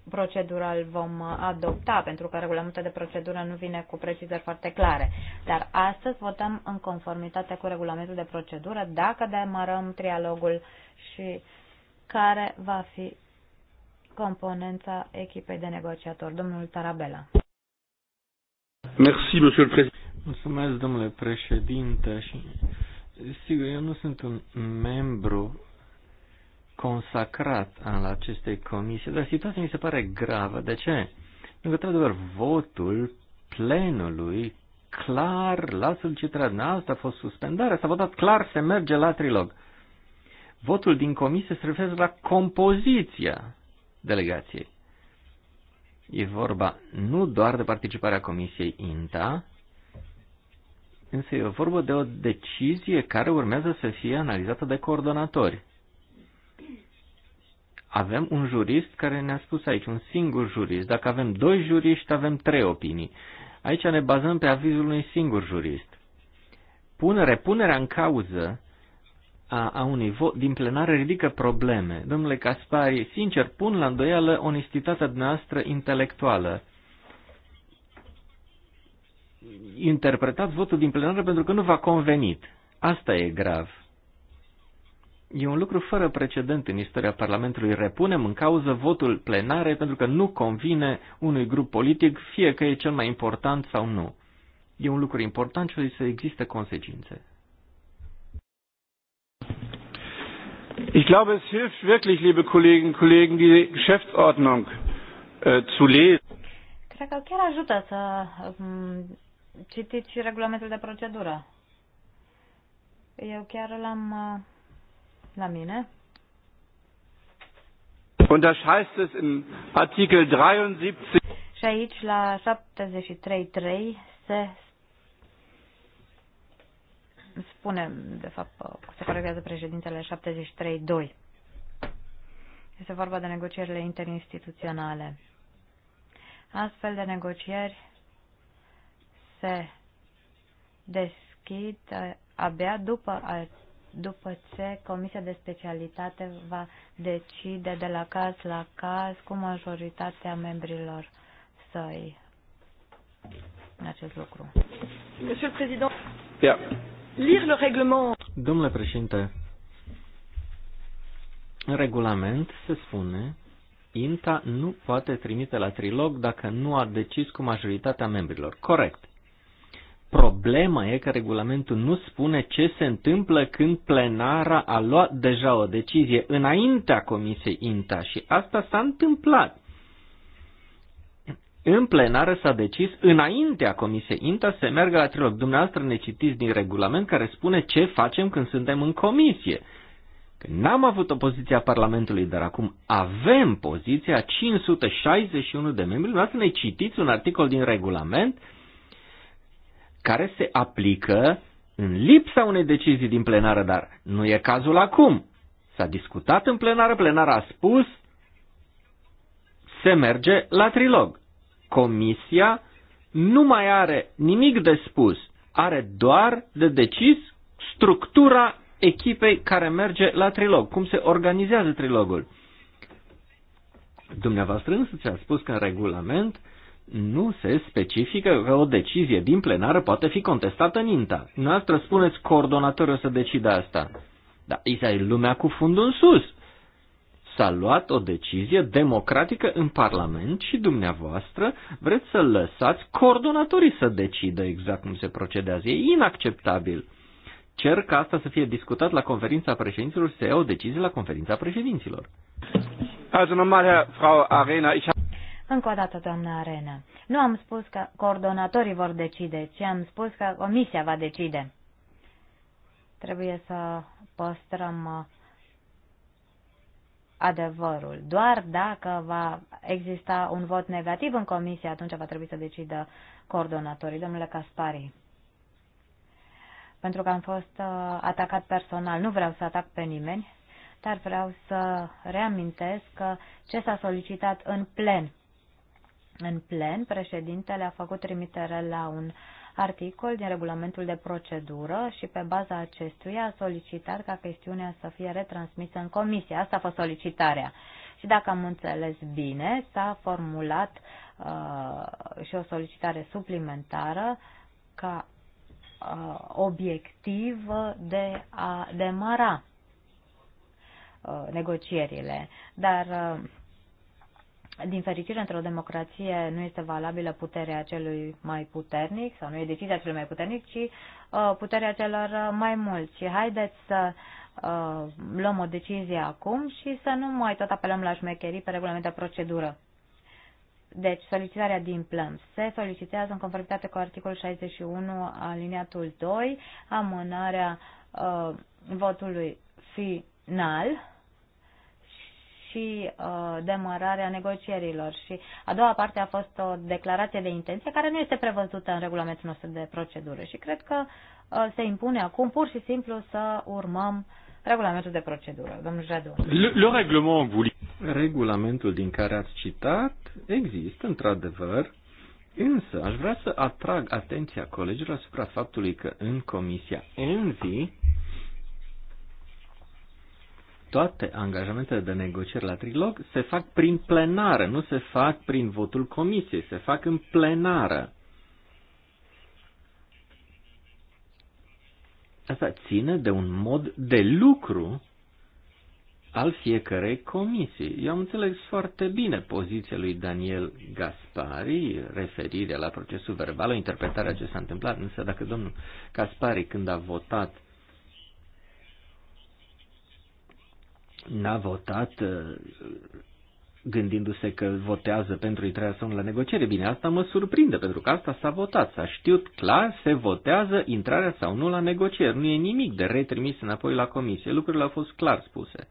Speaker 3: procedural vom adopta, pentru că regulamentul de procedură nu vine cu precizări foarte clare. Dar astăzi votăm în conformitate cu regulamentul de procedură dacă demarăm trialogul și care va fi componența echipei de negociatori. Domnul Tarabela.
Speaker 1: Merci, monsieur le président. Mulțumesc, domnule președinte. Și, sigur, eu nu sunt un membru consacrat al acestei comisii, dar situația mi se pare gravă. De ce? Pentru că, într-adevăr, votul plenului clar la solicitarea noastră a fost suspendarea, s-a votat clar, se merge la trilog. Votul din comisie se referă la compoziția delegației. E vorba nu doar de participarea Comisiei INTA, însă e vorba de o decizie care urmează să fie analizată de coordonatori. Avem un jurist care ne-a spus aici, un singur jurist. Dacă avem doi juriști, avem trei opinii. Aici ne bazăm pe avizul unui singur jurist. Pun, punerea în cauză a, a unui vot din plenară ridică probleme. Domnule Caspari, sincer, pun la îndoială onestitatea noastră intelectuală. Interpretați votul din plenară pentru că nu v-a convenit. Asta e grav. E un lucru fără precedent în istoria Parlamentului. Repunem în cauză votul plenare pentru că nu convine unui grup politic, fie că e cel mai important sau nu. E un lucru important și să existe consecințe.
Speaker 2: Ich glaube, es hilft wirklich, liebe Kolleginnen und Kollegen, die Geschäftsordnung
Speaker 3: äh, zu lesen. Cred că chiar ajută să um, citiți și regulamentul de procedură. Eu chiar l-am uh, la mine.
Speaker 2: Und das heißt es in Artikel 73.
Speaker 3: Și aici, la 73.3, se spune, de fapt, se corectează președintele 73.2. Este vorba de negocierile interinstituționale. Astfel de negocieri se deschid abia după, după ce Comisia de Specialitate va decide de la caz la caz cu majoritatea membrilor săi acest lucru. Monsieur le Président. Yeah lire le règlement.
Speaker 1: Domnule președinte, în regulament se spune INTA nu poate trimite la trilog dacă nu a decis cu majoritatea membrilor. Corect. Problema e că regulamentul nu spune ce se întâmplă când plenara a luat deja o decizie înaintea Comisiei INTA și asta s-a întâmplat în plenară s-a decis, înaintea Comisiei Inter, se meargă la trilog. Dumneavoastră ne citiți din regulament care spune ce facem când suntem în comisie. Când n-am avut opoziția Parlamentului, dar acum avem poziția 561 de membri. Dumneavoastră ne citiți un articol din regulament care se aplică în lipsa unei decizii din plenară, dar nu e cazul acum. S-a discutat în plenară, plenara a spus, se merge la trilog. Comisia nu mai are nimic de spus, are doar de decis structura echipei care merge la trilog, cum se organizează trilogul. Dumneavoastră însă ți-a spus că în regulament nu se specifică că o decizie din plenară poate fi contestată în INTA. Noastră spuneți coordonatorul să decide asta. Da, îi lumea cu fundul în sus. S-a luat o decizie democratică în Parlament și dumneavoastră vreți să lăsați coordonatorii să decidă exact cum se procedează. E inacceptabil. Cer ca asta să fie discutat la conferința președinților, să ia o decizie la conferința președinților. Also nochmal, Frau Arena, ich
Speaker 3: încă o dată, doamna Arena, nu am spus că coordonatorii vor decide, ci am spus că comisia va decide. Trebuie să păstrăm uh, adevărul. Doar dacă va exista un vot negativ în comisie, atunci va trebui să decidă coordonatorii. Domnule Caspari, pentru că am fost uh, atacat personal, nu vreau să atac pe nimeni, dar vreau să reamintesc că ce s-a solicitat în plen. În plen, președintele a făcut trimitere la un uh, articol din regulamentul de procedură și pe baza acestuia a solicitat ca chestiunea să fie retransmisă în comisie. Asta a fost solicitarea. Și dacă am înțeles bine, s-a formulat uh, și o solicitare suplimentară ca uh, obiectiv de a demara uh, negocierile. Dar uh, din fericire, într-o democrație nu este valabilă puterea celui mai puternic sau nu e decizia celui mai puternic, ci uh, puterea celor mai mulți. Și haideți să uh, luăm o decizie acum și să nu mai tot apelăm la șmecherii pe regulament de procedură. Deci, solicitarea din plâns se solicitează în conformitate cu articolul 61 aliniatul 2, amânarea uh, votului final și uh, demararea negocierilor. Și a doua parte a fost o declarație de intenție care nu este prevăzută în regulamentul nostru de procedură și cred că uh, se impune acum pur și simplu să urmăm regulamentul de procedură. Domnul Jadu.
Speaker 1: Le, Regulamentul din care ați citat există într-adevăr, însă aș vrea să atrag atenția colegilor asupra faptului că în Comisia ENVI toate angajamentele de negocieri la trilog se fac prin plenară, nu se fac prin votul comisiei, se fac în plenară. Asta ține de un mod de lucru al fiecărei comisii. Eu am înțeles foarte bine poziția lui Daniel Gaspari, referire la procesul verbal, o interpretare a ce s-a întâmplat, însă dacă domnul Gaspari, când a votat n-a votat uh, gândindu-se că votează pentru intrarea sau nu la negociere. Bine, asta mă surprinde, pentru că asta s-a votat, s-a știut clar, se votează intrarea sau nu la negociere. Nu e nimic de retrimis înapoi la comisie. Lucrurile au fost clar spuse.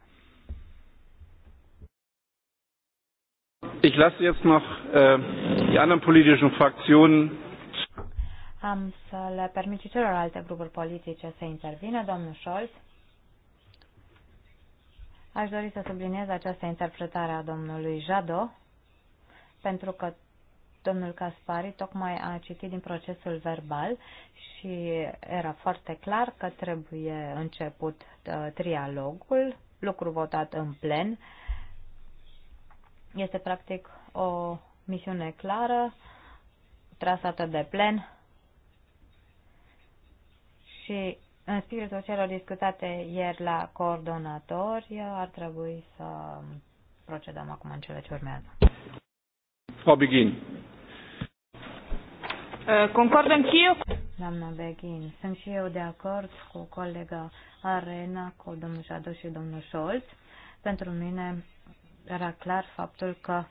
Speaker 1: Ich lasse jetzt noch
Speaker 3: äh, die
Speaker 2: anderen politischen Fraktionen.
Speaker 3: Am să le permit și celorlalte grupuri politice să intervină, domnul Scholz. Aș dori să subliniez această interpretare a domnului Jado, pentru că domnul Caspari tocmai a citit din procesul verbal și era foarte clar că trebuie început uh, trialogul, lucru votat în plen. Este practic o misiune clară, trasată de plen și în spiritul celor discutate ieri la coordonatori, ar trebui să procedăm acum în cele ce urmează. O begin. Uh, concord chiu. Doamna Beghin, sunt și eu de acord cu colega Arena, cu domnul Jadu și domnul Scholz. Pentru mine era clar faptul că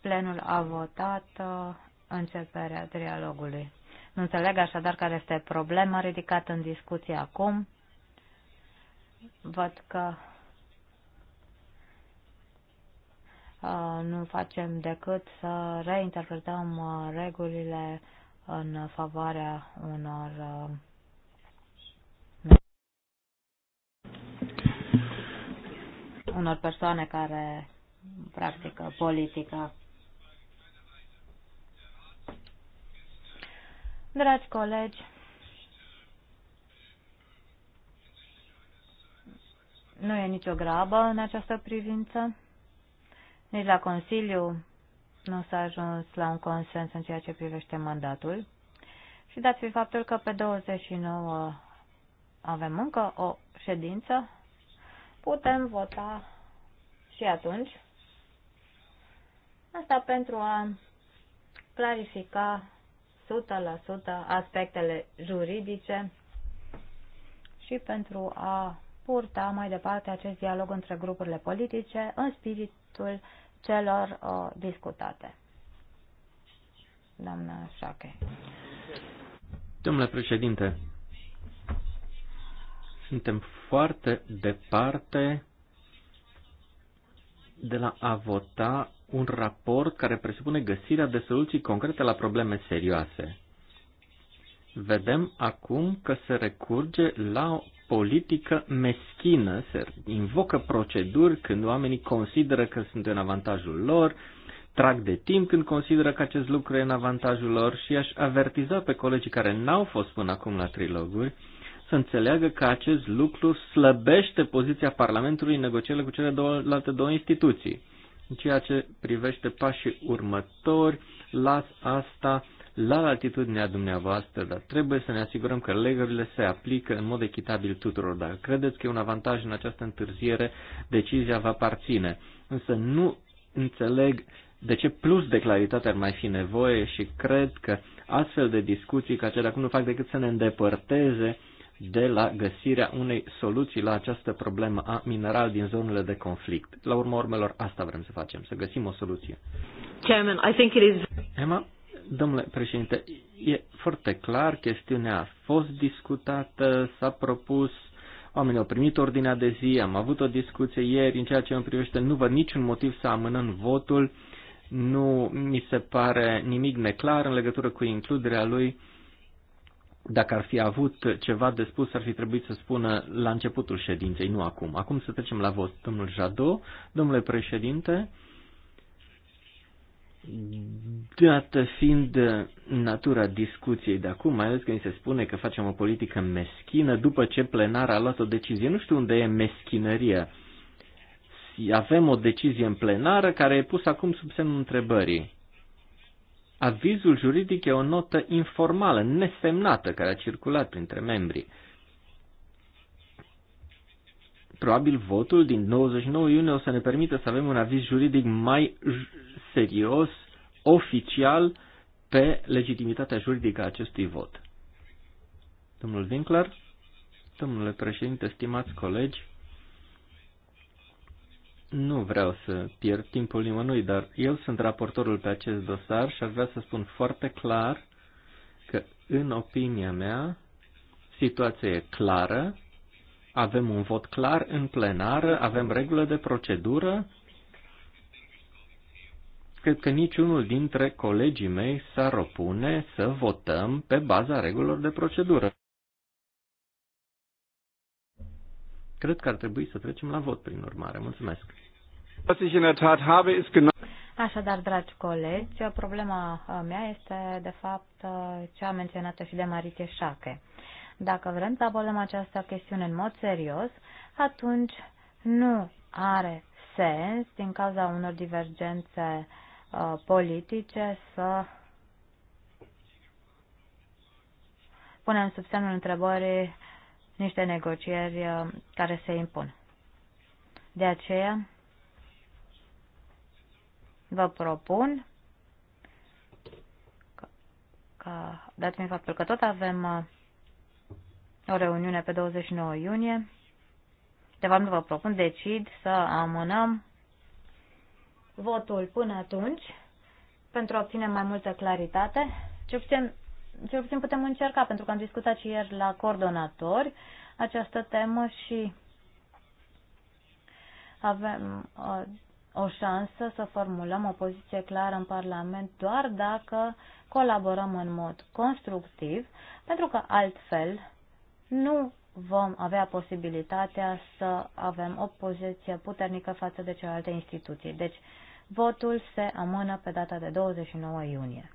Speaker 3: plenul a votat uh, începerea dialogului. Înțeleg așadar care este problema ridicată în discuție acum. Văd că uh, nu facem decât să reinterpretăm uh, regulile în favoarea unor uh, unor persoane care practică politică. Dragi colegi, nu e nicio grabă în această privință. Nici la Consiliu nu s-a ajuns la un consens în ceea ce privește mandatul. Și dați fi faptul că pe 29 avem încă o ședință, putem vota și atunci. Asta pentru a clarifica 100% aspectele juridice și pentru a purta mai departe acest dialog între grupurile politice în spiritul celor uh, discutate. Doamna Șache.
Speaker 1: Domnule președinte, suntem foarte departe de la a vota un raport care presupune găsirea de soluții concrete la probleme serioase. Vedem acum că se recurge la o politică meschină, se invocă proceduri când oamenii consideră că sunt în avantajul lor, trag de timp când consideră că acest lucru e în avantajul lor și aș avertiza pe colegii care n-au fost până acum la triloguri să înțeleagă că acest lucru slăbește poziția Parlamentului în negocierile cu cele două, alte două instituții. În ceea ce privește pașii următori, las asta la latitudinea dumneavoastră, dar trebuie să ne asigurăm că legările se aplică în mod echitabil tuturor. Dacă credeți că e un avantaj în această întârziere, decizia va parține. Însă nu înțeleg de ce plus de claritate ar mai fi nevoie și cred că astfel de discuții ca cele acum nu fac decât să ne îndepărteze de la găsirea unei soluții la această problemă a mineral din zonele de conflict. La urma urmelor, asta vrem să facem, să găsim o soluție. Chairman, I think it is... Emma, domnule președinte, e foarte clar, chestiunea a fost discutată, s-a propus, oamenii au primit ordinea de zi, am avut o discuție ieri, în ceea ce îmi privește nu văd niciun motiv să amânăm votul, nu mi se pare nimic neclar în legătură cu includerea lui dacă ar fi avut ceva de spus, ar fi trebuit să spună la începutul ședinței, nu acum. Acum să trecem la vot. Domnul Jadot, domnule președinte, dată fiind natura discuției de acum, mai ales că se spune că facem o politică meschină după ce plenar a luat o decizie. Nu știu unde e meschinăria. Avem o decizie în plenară care e pusă acum sub semnul întrebării. Avizul juridic e o notă informală, nesemnată, care a circulat printre membrii. Probabil votul din 29 iunie o să ne permită să avem un aviz juridic mai serios, oficial, pe legitimitatea juridică a acestui vot. Domnul Winkler, domnule președinte, stimați colegi, nu vreau să pierd timpul nimănui, dar eu sunt raportorul pe acest dosar și aș vrea să spun foarte clar că, în opinia mea, situația e clară, avem un vot clar în plenară, avem regulă de procedură. Cred că niciunul dintre colegii mei s-ar opune să votăm pe baza regulilor de procedură. Cred că ar trebui să trecem la vot, prin urmare. Mulțumesc.
Speaker 3: Așadar, dragi colegi, problema uh, mea este, de fapt, uh, cea menționată și de Maritie Șache. Dacă vrem să abordăm această chestiune în mod serios, atunci nu are sens, din cauza unor divergențe uh, politice, să punem sub semnul întrebării niște negocieri uh, care se impun. De aceea vă propun că, dat fiind faptul că tot avem uh, o reuniune pe 29 iunie, de fapt nu vă propun, decid să amânăm votul până atunci pentru a obține mai multă claritate, ce puțin cel puțin putem încerca, pentru că am discutat și ieri la coordonatori această temă și avem uh, o șansă să formulăm o poziție clară în Parlament doar dacă colaborăm în mod constructiv, pentru că altfel nu vom avea posibilitatea să avem o poziție puternică față de celelalte instituții. Deci, votul se amână pe data de 29 iunie.